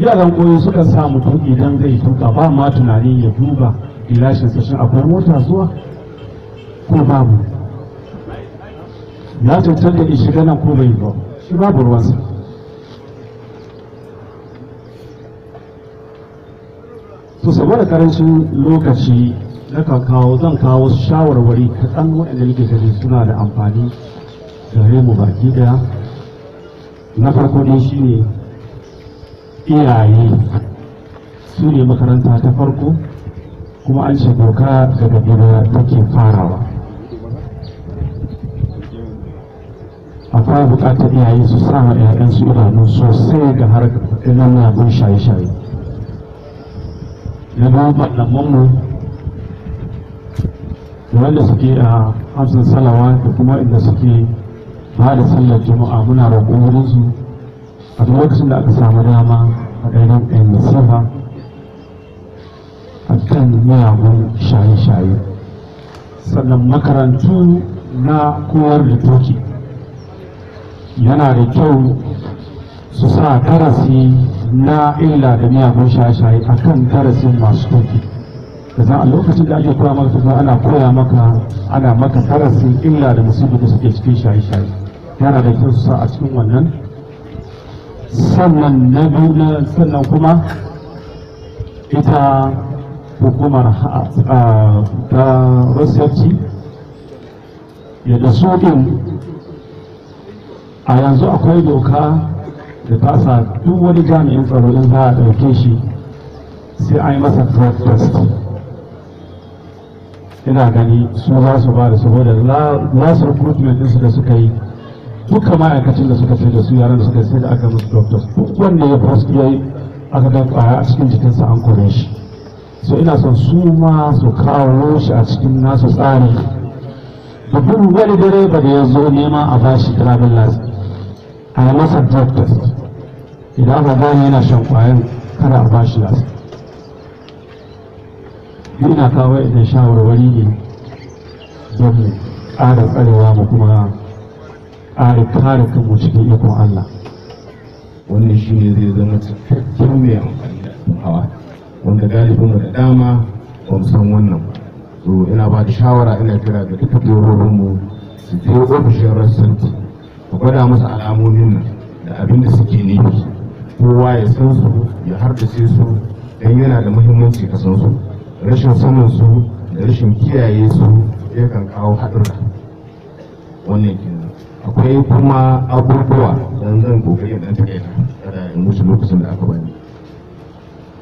A: yaran koyo suka sa mutum idan zai tuka ba ma tunanin ya duba gilashin sashen akwai mota zuwa ko babu ya cutar da ishi nan ko bai ba shi babu ruwansa to saboda karancin lokaci na kawo zan kawo shawarwari kaɗan waɗanda nake gani suna da amfani gare mu baki daya na farko dai shine iyaye su ne makaranta ta farko kuma an ce doka daga gida take farawa a fara bukatar iyaye su sama 'ya'yansu idanu sosai ga har nan abin shaye-shaye na ba malamanmu da wanda suke a hamsin salawa da kuma inda suke ba da sallar juma'a muna roƙon wurinsu a duk lokacin da aka samu dama a ɗarin ɗan nasiha a kan miyagun shaye-shaye sannan makarantu na koyar da toki yana da kyau su sa darasi na illa da miyagun shaye-shaye a kan darasin masu toki da za a lokacin da ake koya maka tufa ana koya maka ana maka karasin illa da musibi da suke cikin shaye-shaye yana da kyau su sa a cikin wannan sannan na biyu na sannan kuma ita hukumar ta rasarci ya su din a yanzu akwai doka da ta duk wani jami'in tsaro in za a ɗauke shi sai an yi masa drug test ina gani su za su ba da saboda last recruitment ɗinsu da suka yi duka ma'aikacin da suka sai da su yaran da suka sai da aka musu doctors duk wanda ya fasu ya yi aka ga kwaya a cikin jikinsa an kore shi so ina son su ma su kawo shi a cikin nasu tsari da duk wani direba da ya zo nema a bashi driving license a yi masa drug test idan aka gane yana shan kwayan kada a bashi license ni ina kawo idan shawarwari ne don mu ƙara tsarewa
F: mu kuma ƙara kare kanmu cikin ikon Allah wannan shi ne zai zama cikakken mai amfani da hawa wanda galibin da dama ba san wannan ba so ina ba da shawara ina kira ga duka mu su je ofishin rasanti ka gwada masa alamomin nan da abin da suke nufi kowa ya san su ya hardace su don yana da muhimmanci ka san su rashin sanin su da rashin kiyaye su yakan kawo haɗurra wannan kenan akwai kuma abubuwa don zan kokari dan takaita kada in musu lokacin da aka bani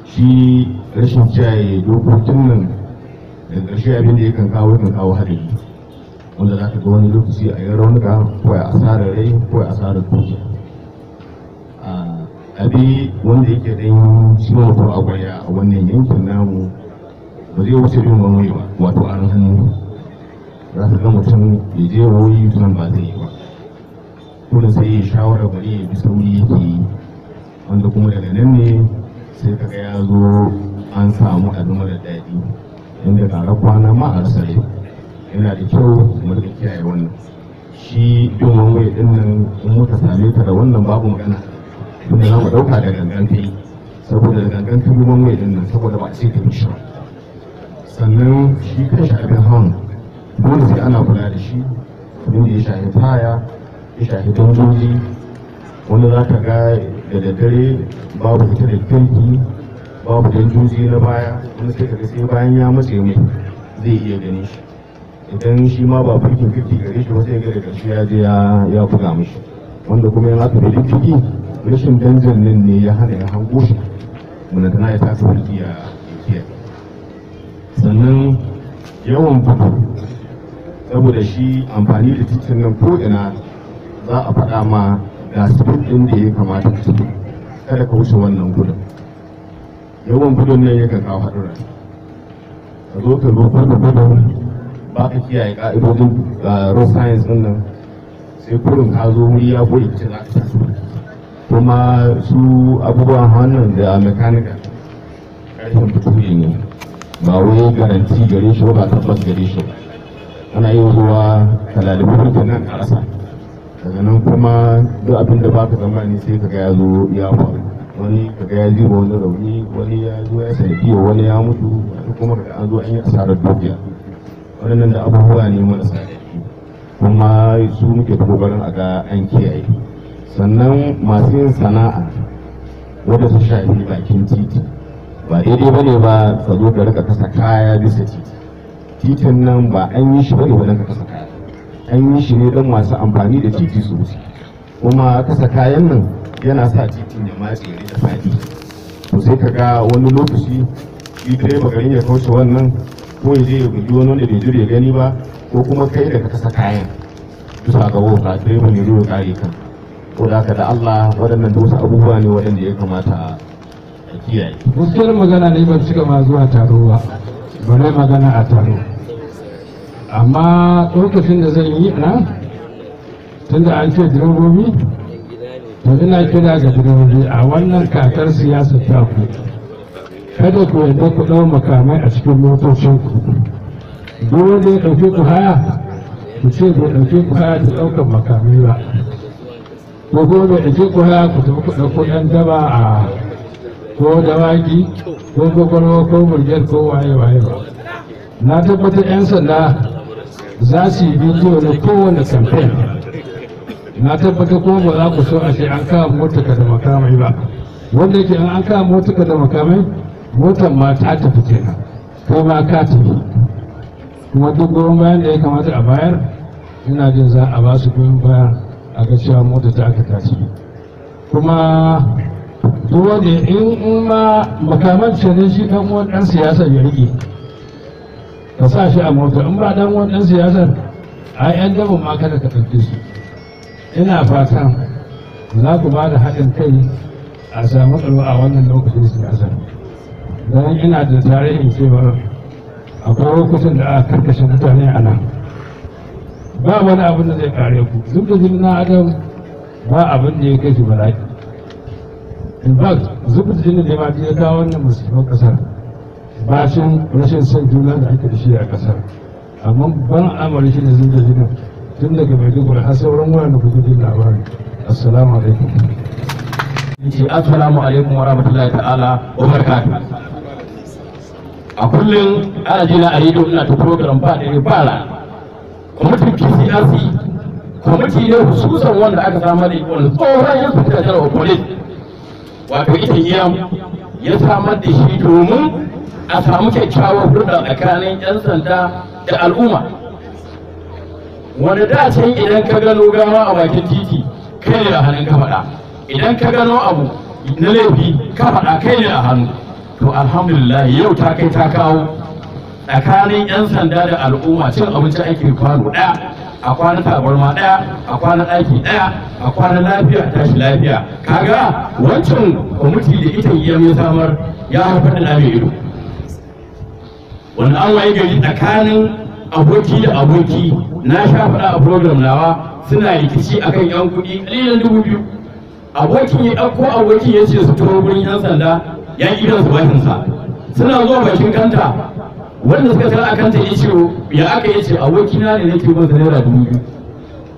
F: shi rashin kiyaye dokokin nan da ƙarshe abin da kan kawo kan kawo haɗari wanda za ka ga wani lokaci a yi raunuka ko a asarar rai ko a asarar dukiya abi wanda yake ɗan ciwon ko agwaya a wannan yankin namu ba zai wuce bin wani ba wato an hannu za ka ga mutum ya je wuri tunan ba zai yi ba kuma sai shawarar ya bi sauri yake yi wanda kuma daga nan ne sai kaga ya zo an samu abin da daɗi inda gara kwana ma a sare yana da kyau mu da kiyaye wannan shi bin wani din nan in muka same ta da wannan babu magana inda za mu ɗauka da gangan kai saboda da gangan kai bin wani din nan saboda ba a ce ta shi sannan shi kan shi abin hawan dole sai ana kula da shi inda ya shafi taya ya shafi dangogi za ka ga da daddare babu fita da kirki babu dangogi na baya wanda sai ka sai bayan ya matse mai zai iya gani shi idan shi ma ba birkin fifty gare shi wasu ya da ƙarshe ya je ya buga mishi wanda kuma ya aka fi fiki rashin danjan nan ne ya hana ya hango shi tana ya taka birki ya kiyaye sannan yawan gudu saboda shi amfani da titin nan ko ina za a faɗa ma ga ɗin da ya kamata ka kada ka wuce wannan gudun yawan gudun nan yakan kawo haɗura ka zo ka zo ka gudun ba ka kiyaye ka'idodin road science ɗin nan sai kurin ka zo wuri ya goyi ce za ka kuma su abubuwan hannun da mekanika ƙarfin fituri ne ba wai garanti gare shi ba tabbas gare shi ana yi zuwa kalalibin nan a ƙasa daga nan kuma duk abin da baka zamani sai kaga ya zo ya faru wani kaga ya jiwa wani rauni wani ya zo ya sarki wani ya mutu wani kuma kaga an zo an yi asarar dukiya nan da abubuwa ne marasa kuma su muke kokarin a ga an kiyaye sannan masu yin sana'a wanda su shafi bakin titi ba daidai ba ne ba ka zo ka rika kasa kaya bisa titi titin nan ba an yi shi ba ne ba ka kasa kaya an yi shi ne don masu amfani da titi su wuce kuma kasa kayan nan yana sa titin ya matse ne da fadi to sai ka ga wani lokaci shi direba garin ya kauce wannan ko ya je ya guji wani wanda bai jure ya gani ba ko kuma kai da kasa kayan bisa ga wata direba ne zai kare kan ko da da Allah waɗannan da abubuwa ne waɗanda ya kamata a kiyaye.
A: Gaskiyar magana ne ban cika ma zuwa taro ba, bare magana a taro. amma lokacin da zan yi nan da an ce direbobi to ina kira ga direbobi a wannan kakar siyasa ta ku kada ku yadda ku ɗau makamai a cikin ku. duk wanda ya ɗauke ku haya ku ce bai ɗauke ku haya da ɗaukar makamai ba ko kuma bai ɗauke ku haya ku tafi ku ɗauko ɗan daba a ko dawaki ko gwagwarwa ko burger ko waye waye ba na tabbata 'yan sanda za su yi bidiyo na kowane kamfen na tabbata ko ba za ku so a ce an kawo motuka da makamai ba wanda yake an kawo motuka da makamai motar ma ta tafi kenan kai ma ka tafi kuma duk goyon bayan da ya kamata a bayar ina jin za a ba su goyon baya a ga cewa mota ta aka tashi kuma duk wanda in ma makamancin ne shi kan uwan ɗan siyasa ya rike ka sa shi a mota in ba dan wannan siyasar a yan dabin ma kada ka ɗauke su ina fatan za ku ba da haɗin kai a samu tsaro a wannan lokacin siyasar don ina da tarihin cewar akwai lokacin da aka karkashe mutane a nan ba wani abin da zai kare ku duk da jimina adam ba abin da ya kai shi bala'i in fact zubin jinin da ya ma kawo wannan musulman kasar bashin rashin son juna da aka da shi a kasar amma ban amari shi da zai da jinin tun daga maiduguri har sauran wuraren da kuke jin labari assalamu alaikum assalamu alaikum wa rahmatullahi ta'ala wa barakatuh a kullum ana jina a rediyo ina ta program ba da bara kwamitin pcrc kwamiti ne hususan wanda aka samar da ikon tsohon yin fitar da polis wato ita yam ya samar da shi domin a samu kyakkyawar hulɗa tsakanin 'yan sanda da al'umma wani da can idan ka gano gama a bakin titi kai ne da hannun ka faɗa idan ka gano abu na laifi ka faɗa kai ne a hannu to alhamdulillah yau ta kai ta kawo tsakanin 'yan sanda da al'umma cin abinci ake kwano ɗaya a kwana tabarma ɗaya a kwana ɗaki ɗaya a kwana lafiya tashi lafiya kaga wancan kwamiti da ita yi samar ya haifar da na ido wanda an waye gari tsakanin aboki da aboki na sha faɗa a program nawa suna rikici akan yan kuɗi ƙalilan dubu biyu abokin ya ɗauko abokin ya ce su turo wurin yan sanda ya ƙi su sa suna zuwa bakin kanta wanda suka tara a kanta ya ce ya aka yi ce abokina ne nake masa naira dubu biyu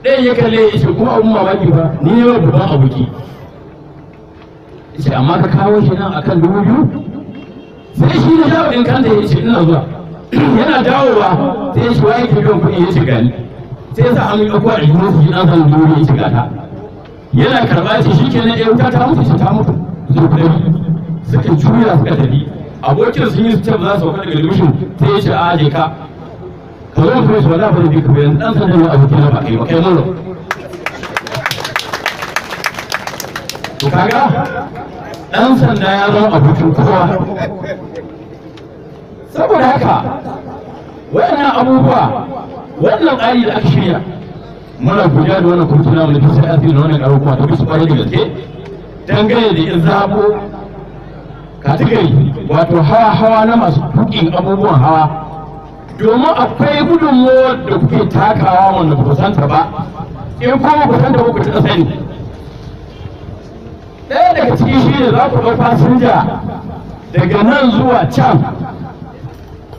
A: ɗayan ya kalle ya ce kuma abun mamaki ba ni ne babban aboki ya ce amma ka kawo shi nan akan dubu biyu sai shi da jawabin kanta ya ce ina zuwa yana dawowa sai shi waye ke biyan kuɗi ya shiga ni sai sa an ɗauko a jikin su an san dole ya shiga ta yana karɓa ce shi ke na ya wuta ta mutu shi ta mutu zurfari suka juya suka tafi abokin sun yi su ce ba za su sauka daga dimishin sai ya ce a je ka ka zo mutum su ba za wala bari biyu yanzu ɗan san jama'a abokin na ba kai
E: ba kai mun to kaga ɗan sanda ya zama abokin kowa saboda haka
A: wayannan abubuwa wannan ayi da aka shirya muna guda da wannan kurtuna mu da sai asiri da wannan abubuwa ta musu kwarai da gaske dangane da in zabo katigari wato hawa hawa na masu tukin abubuwan hawa domin akwai gudunmuwa da kuke takawa wanda ba ku santa ba in kuma ku santa ba ku ta sani
E: ɗaya daga ciki shi ne za ku ga fasinja daga nan zuwa can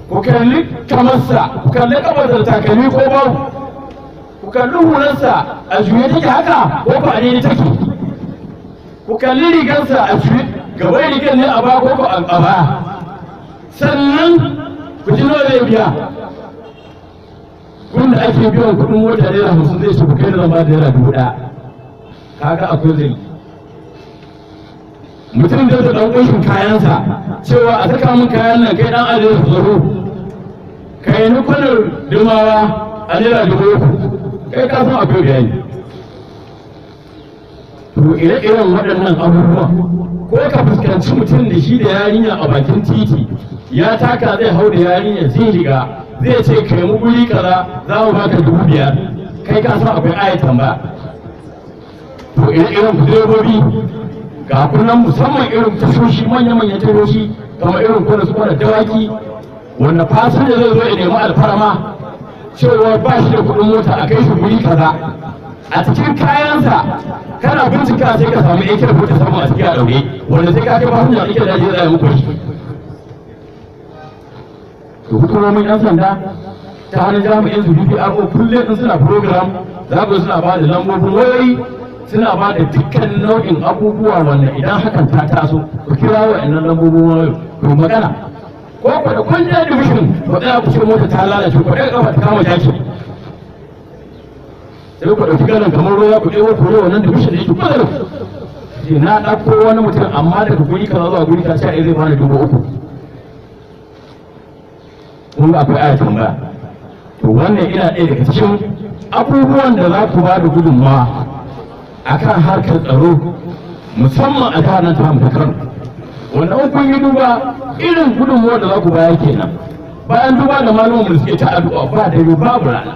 A: ku kalli kamarsa ku kalli kamar takalmi ko bau ku kalli hulansa a juye take haka ko ba ne take ku kalli rigarsa a juye gaba rigar ne a ba ko ba a ba sannan
E: ku ji nawa zai biya
A: wanda ake biyan kuɗin mota naira hamsin zai shi ku kai da zama naira dubu ɗaya kaga akwai zai mutum zai ta ɗan ƙunshin kayansa cewa a saka min kayan nan kai ɗan arewa tsaro ka yi nukunar dumawa a naira dubu uku kai ka san akwai bayani to ire-iren waɗannan abubuwan ko ka fuskanci mutum da shi da yarinya a bakin titi ya taka zai hau da yarinya zai riga zai ce kai mu guri kaza za mu baka dubu biyar kai ka san akwai ayatan ba to ire-iren kudurobi ga kunan musamman irin tashoshi manya-manyan tashoshi kamar irin kuna su kwana dawaki wanda fasinja zai zo ya nemi alfarma cewa ba shi da kuɗin mota a kai shi guri kaza
E: a cikin kayansa kana bincika sai ka samu ekir ko ta samu a cikin a ɗaure wanda sai ka kai fasinja ekir da ya zai muku shi
A: to hukumomin yan sanda ta hannun jami'in su DPRO kullum suna program za ku suna ba da lambobin wayoyi suna ba da dukkan nau'in abubuwa wanda idan hakan ta taso ku kira wa'annan lambobin wayar ku magana ko ku da kun da division ku da ku ce mota ta lalace ku ka kafa ta kama jaki sai ku ɗauki ganin kamar ruwa ku ku kuro wannan division da yake kudu ce na ɗauko wani mutum amma daga guri ka zuwa guri ta sai zai bani dubu uku kun ga akwai ayatun ba to wannan ina ɗaya daga cikin abubuwan da za ku ba da gudunmawa akan harkar tsaro musamman a jihar nan ta Kano wanda kun yi duba irin gudunmawar da za ku baya kenan bayan duba da malamin mu suke ta addu'a ba da babu rana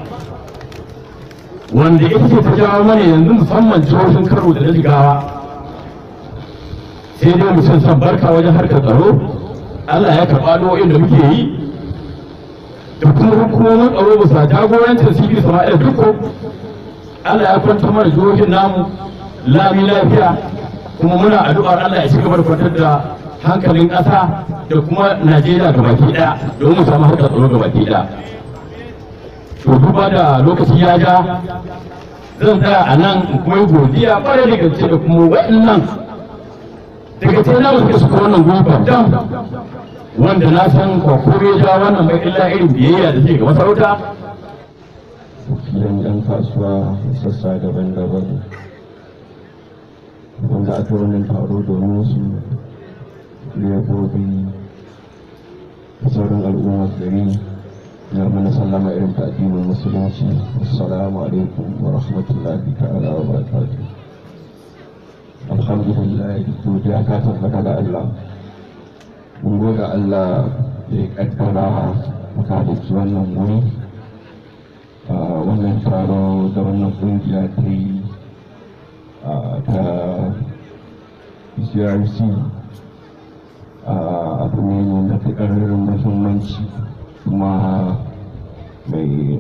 A: wanda yake ta jawo mana yanzu musamman jihohin karo da na Jigawa sai dai mu san barka wajen harkar tsaro Allah ya karɓa do'o'in da muke yi da kuma hukumomin tsaro bisa jagorancin Sidi Sama'il Dukko Allah ya kwanta mana jihohin namu lami lafiya kuma muna addu'ar Allah ya ci gaba da kwantar da hankalin ƙasa da kuma Najeriya ga baki ɗaya domin mu samu harkar tsaro ga baki ɗaya. To duba da lokaci ya ja zan tsaya a nan kuma yi godiya ƙwarai da gaske da kuma waɗannan
E: daga ce namu suke suka wannan gobe dan wanda na san kwakwaro ya ja wannan bai illa irin biyayya da zai ga masarauta
G: gidan 'yan kasuwa sassa daban-daban wanda a wannan taro domin su legobi sauran al'ummar gari na mana sallama irin ta mai musulunci assalamu alaikum wa rahmatullahi ta'ala wa barakatuh alhamdulillah to da ka tabbata da Allah mun goga Allah ya kaddara maka da wannan wuri A uh, wannan taro da wannan kungiya ta yi uh, ta crc uh, abu ne mai matuƙar muhimmanci kuma mai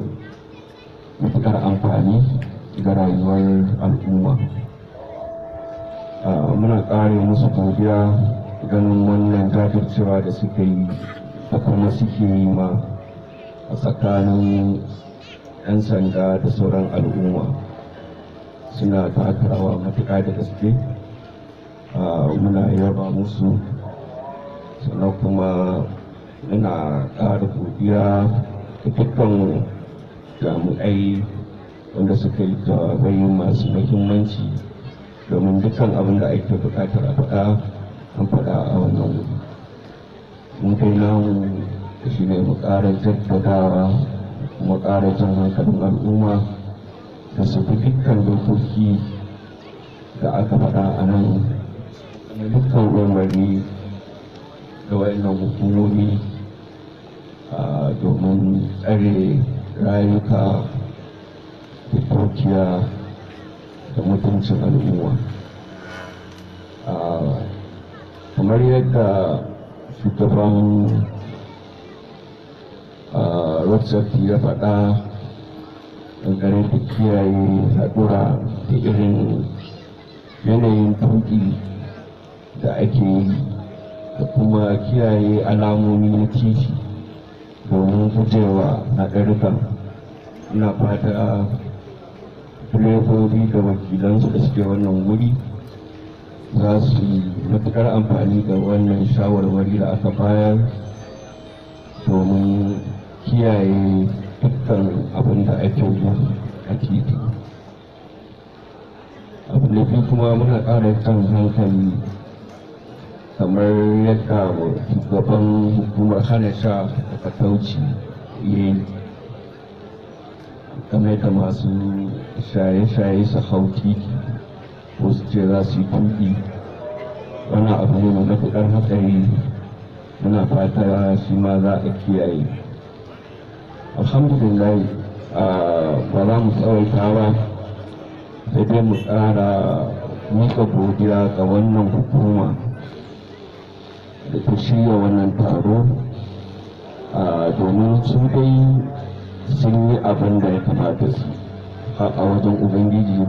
G: matuƙar amfani ga rayuwar al'umma muna ƙare musu godiya ganin wannan jajircewa da suka yi da kuma suke yi ma a tsakanin 'yan sanda da sauran al'umma suna takarawa matuƙa da gaske muna yaba musu sannan kuma muna ƙara godiya da dukkan jami'ai wanda suka yi jawabai masu mahimmanci, domin dukkan abin da ake buƙatar a faɗa an faɗa a wannan wuri mun kai namu shi ne mu ƙara jaddadawa kuma ƙara jan hankalin al'umma da su fi dukkan dokoki da aka faɗa a nan da dukkan umarni da wayannan hukumomi domin tsare rayuka da dukiya da mutuncin al'umma kamar yadda shugaban Eh, whatsapp ya faɗa dangane da kiyaye haɗura da irin yanayin tuƙi da ake yi da kuma kiyaye alamomi na titi domin gujewa haɗarukan ina fata direbobi da wakilansu da suke wannan wuri za su yi matuƙar amfani da wannan shawarwari da aka bayar domin kiyaye dukkan abin da ake yi a titi abu ne fi kuma muna ƙara kan hankali kamar yadda gaban hukumar hana sha da katauci yi kamar da masu shaye-shaye su hau titi ko su ce za su yi tuki wani abu ne mai matuƙar hatsari muna fata shi ma za a kiyaye alhamdulillah ba za mu tsawaita ba sai dai mu tsara mika godiya ga wannan hukuma da ta shirya wannan taro domin su dai sun yi abin da ya kamata su a wajen ubangiji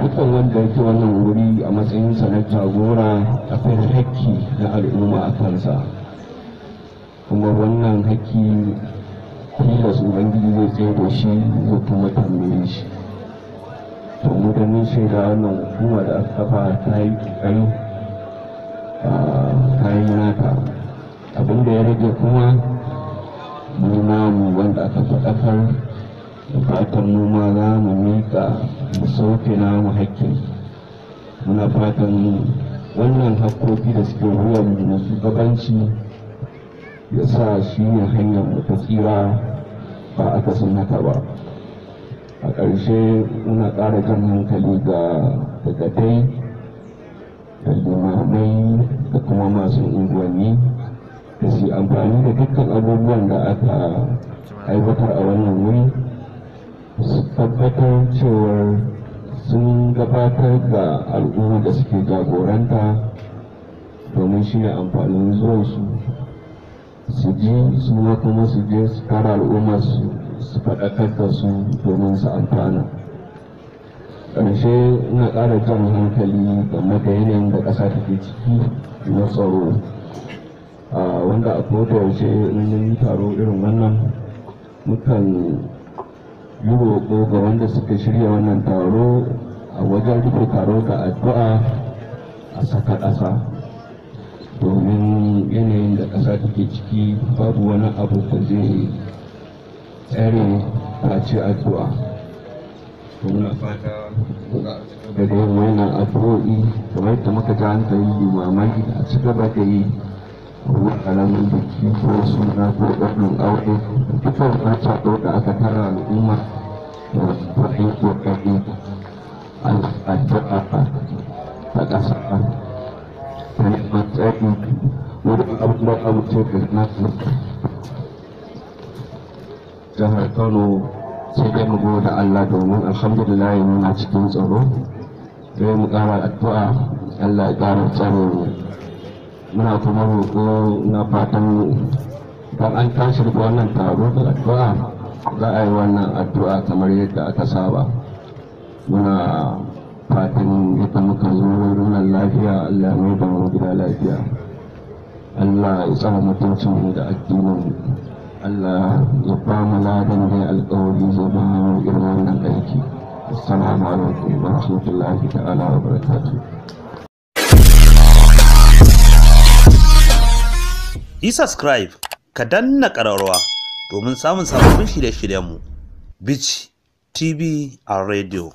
G: dukkan wanda yake wannan wuri a matsayinsa na jagora kan haƙƙi na al'umma a kansa kuma wannan haƙƙi tabbas ubangiji zai tsaye da shi ya kuma tambaye shi to mu da mun da wannan hukuma da aka kafa ta yi kokari a yi nata abin da ya rage kuma mu namu wanda aka faɗakar bukatar noma za mu miƙa mu na namu haƙƙin muna fatan wannan hakkoki da suke ruwan mu na shugabanci ya sa shi ne hanyar mu ta tsira ba aka sun haka ba a ƙarshe muna ƙara jan hankali ga dagatai da limamai da kuma masu unguwanni da su amfani da dukkan abubuwan da aka aiwatar a wannan wuri su tabbatar cewar sun gabatar da al'umma da suke jagoranta domin shi ne amfanin zuwansu su ji su ma kuma su je su fara al'umma su faɗakar da su domin su amfana ƙarshe ina ƙara jan hankali game da yanayin da ƙasa take ciki na tsaro wanda a kodayaushe in yi taro irin wannan mukan yi roƙo ga wanda suka shirya wannan taro a wajen rufe taro da addu'a a saka ƙasa domin yanayin da ƙasa take ciki babu wani abu da zai tsare face addu'a a fata da da wannan addu'o'i kamar da muka ji an ta yi limamai a ci gaba da yi ko alamun biki ko suna ko ɗaurin aure duka wani sako da aka tara al'umma da wasu ko ƙarfi a ta ƙasa and it's open without what I would take as nothing. Jihar Kano sai dai mu gode Allah domin alhamdulillah nuna cikin tsaro sai mu ƙara addu'a Allah ya ƙara tsaro mu muna kuma roƙo na fatan don an tashi da wannan taro da addu'a za a yi wannan addu'a kamar yadda aka saba muna kafin yadda muka zo wurin lafiya Allah mai da mu gida lafiya Allah ya tsara mutuncin mu da addinin Allah ya ba mu ladan da alƙawari zai ba mu irin wannan aiki assalamu alaikum wa rahmatullahi ta'ala wa barakatuh yi
A: subscribe ka danna ƙararrawa
E: domin samun sababbin shirye-shiryenmu bitch tv a radio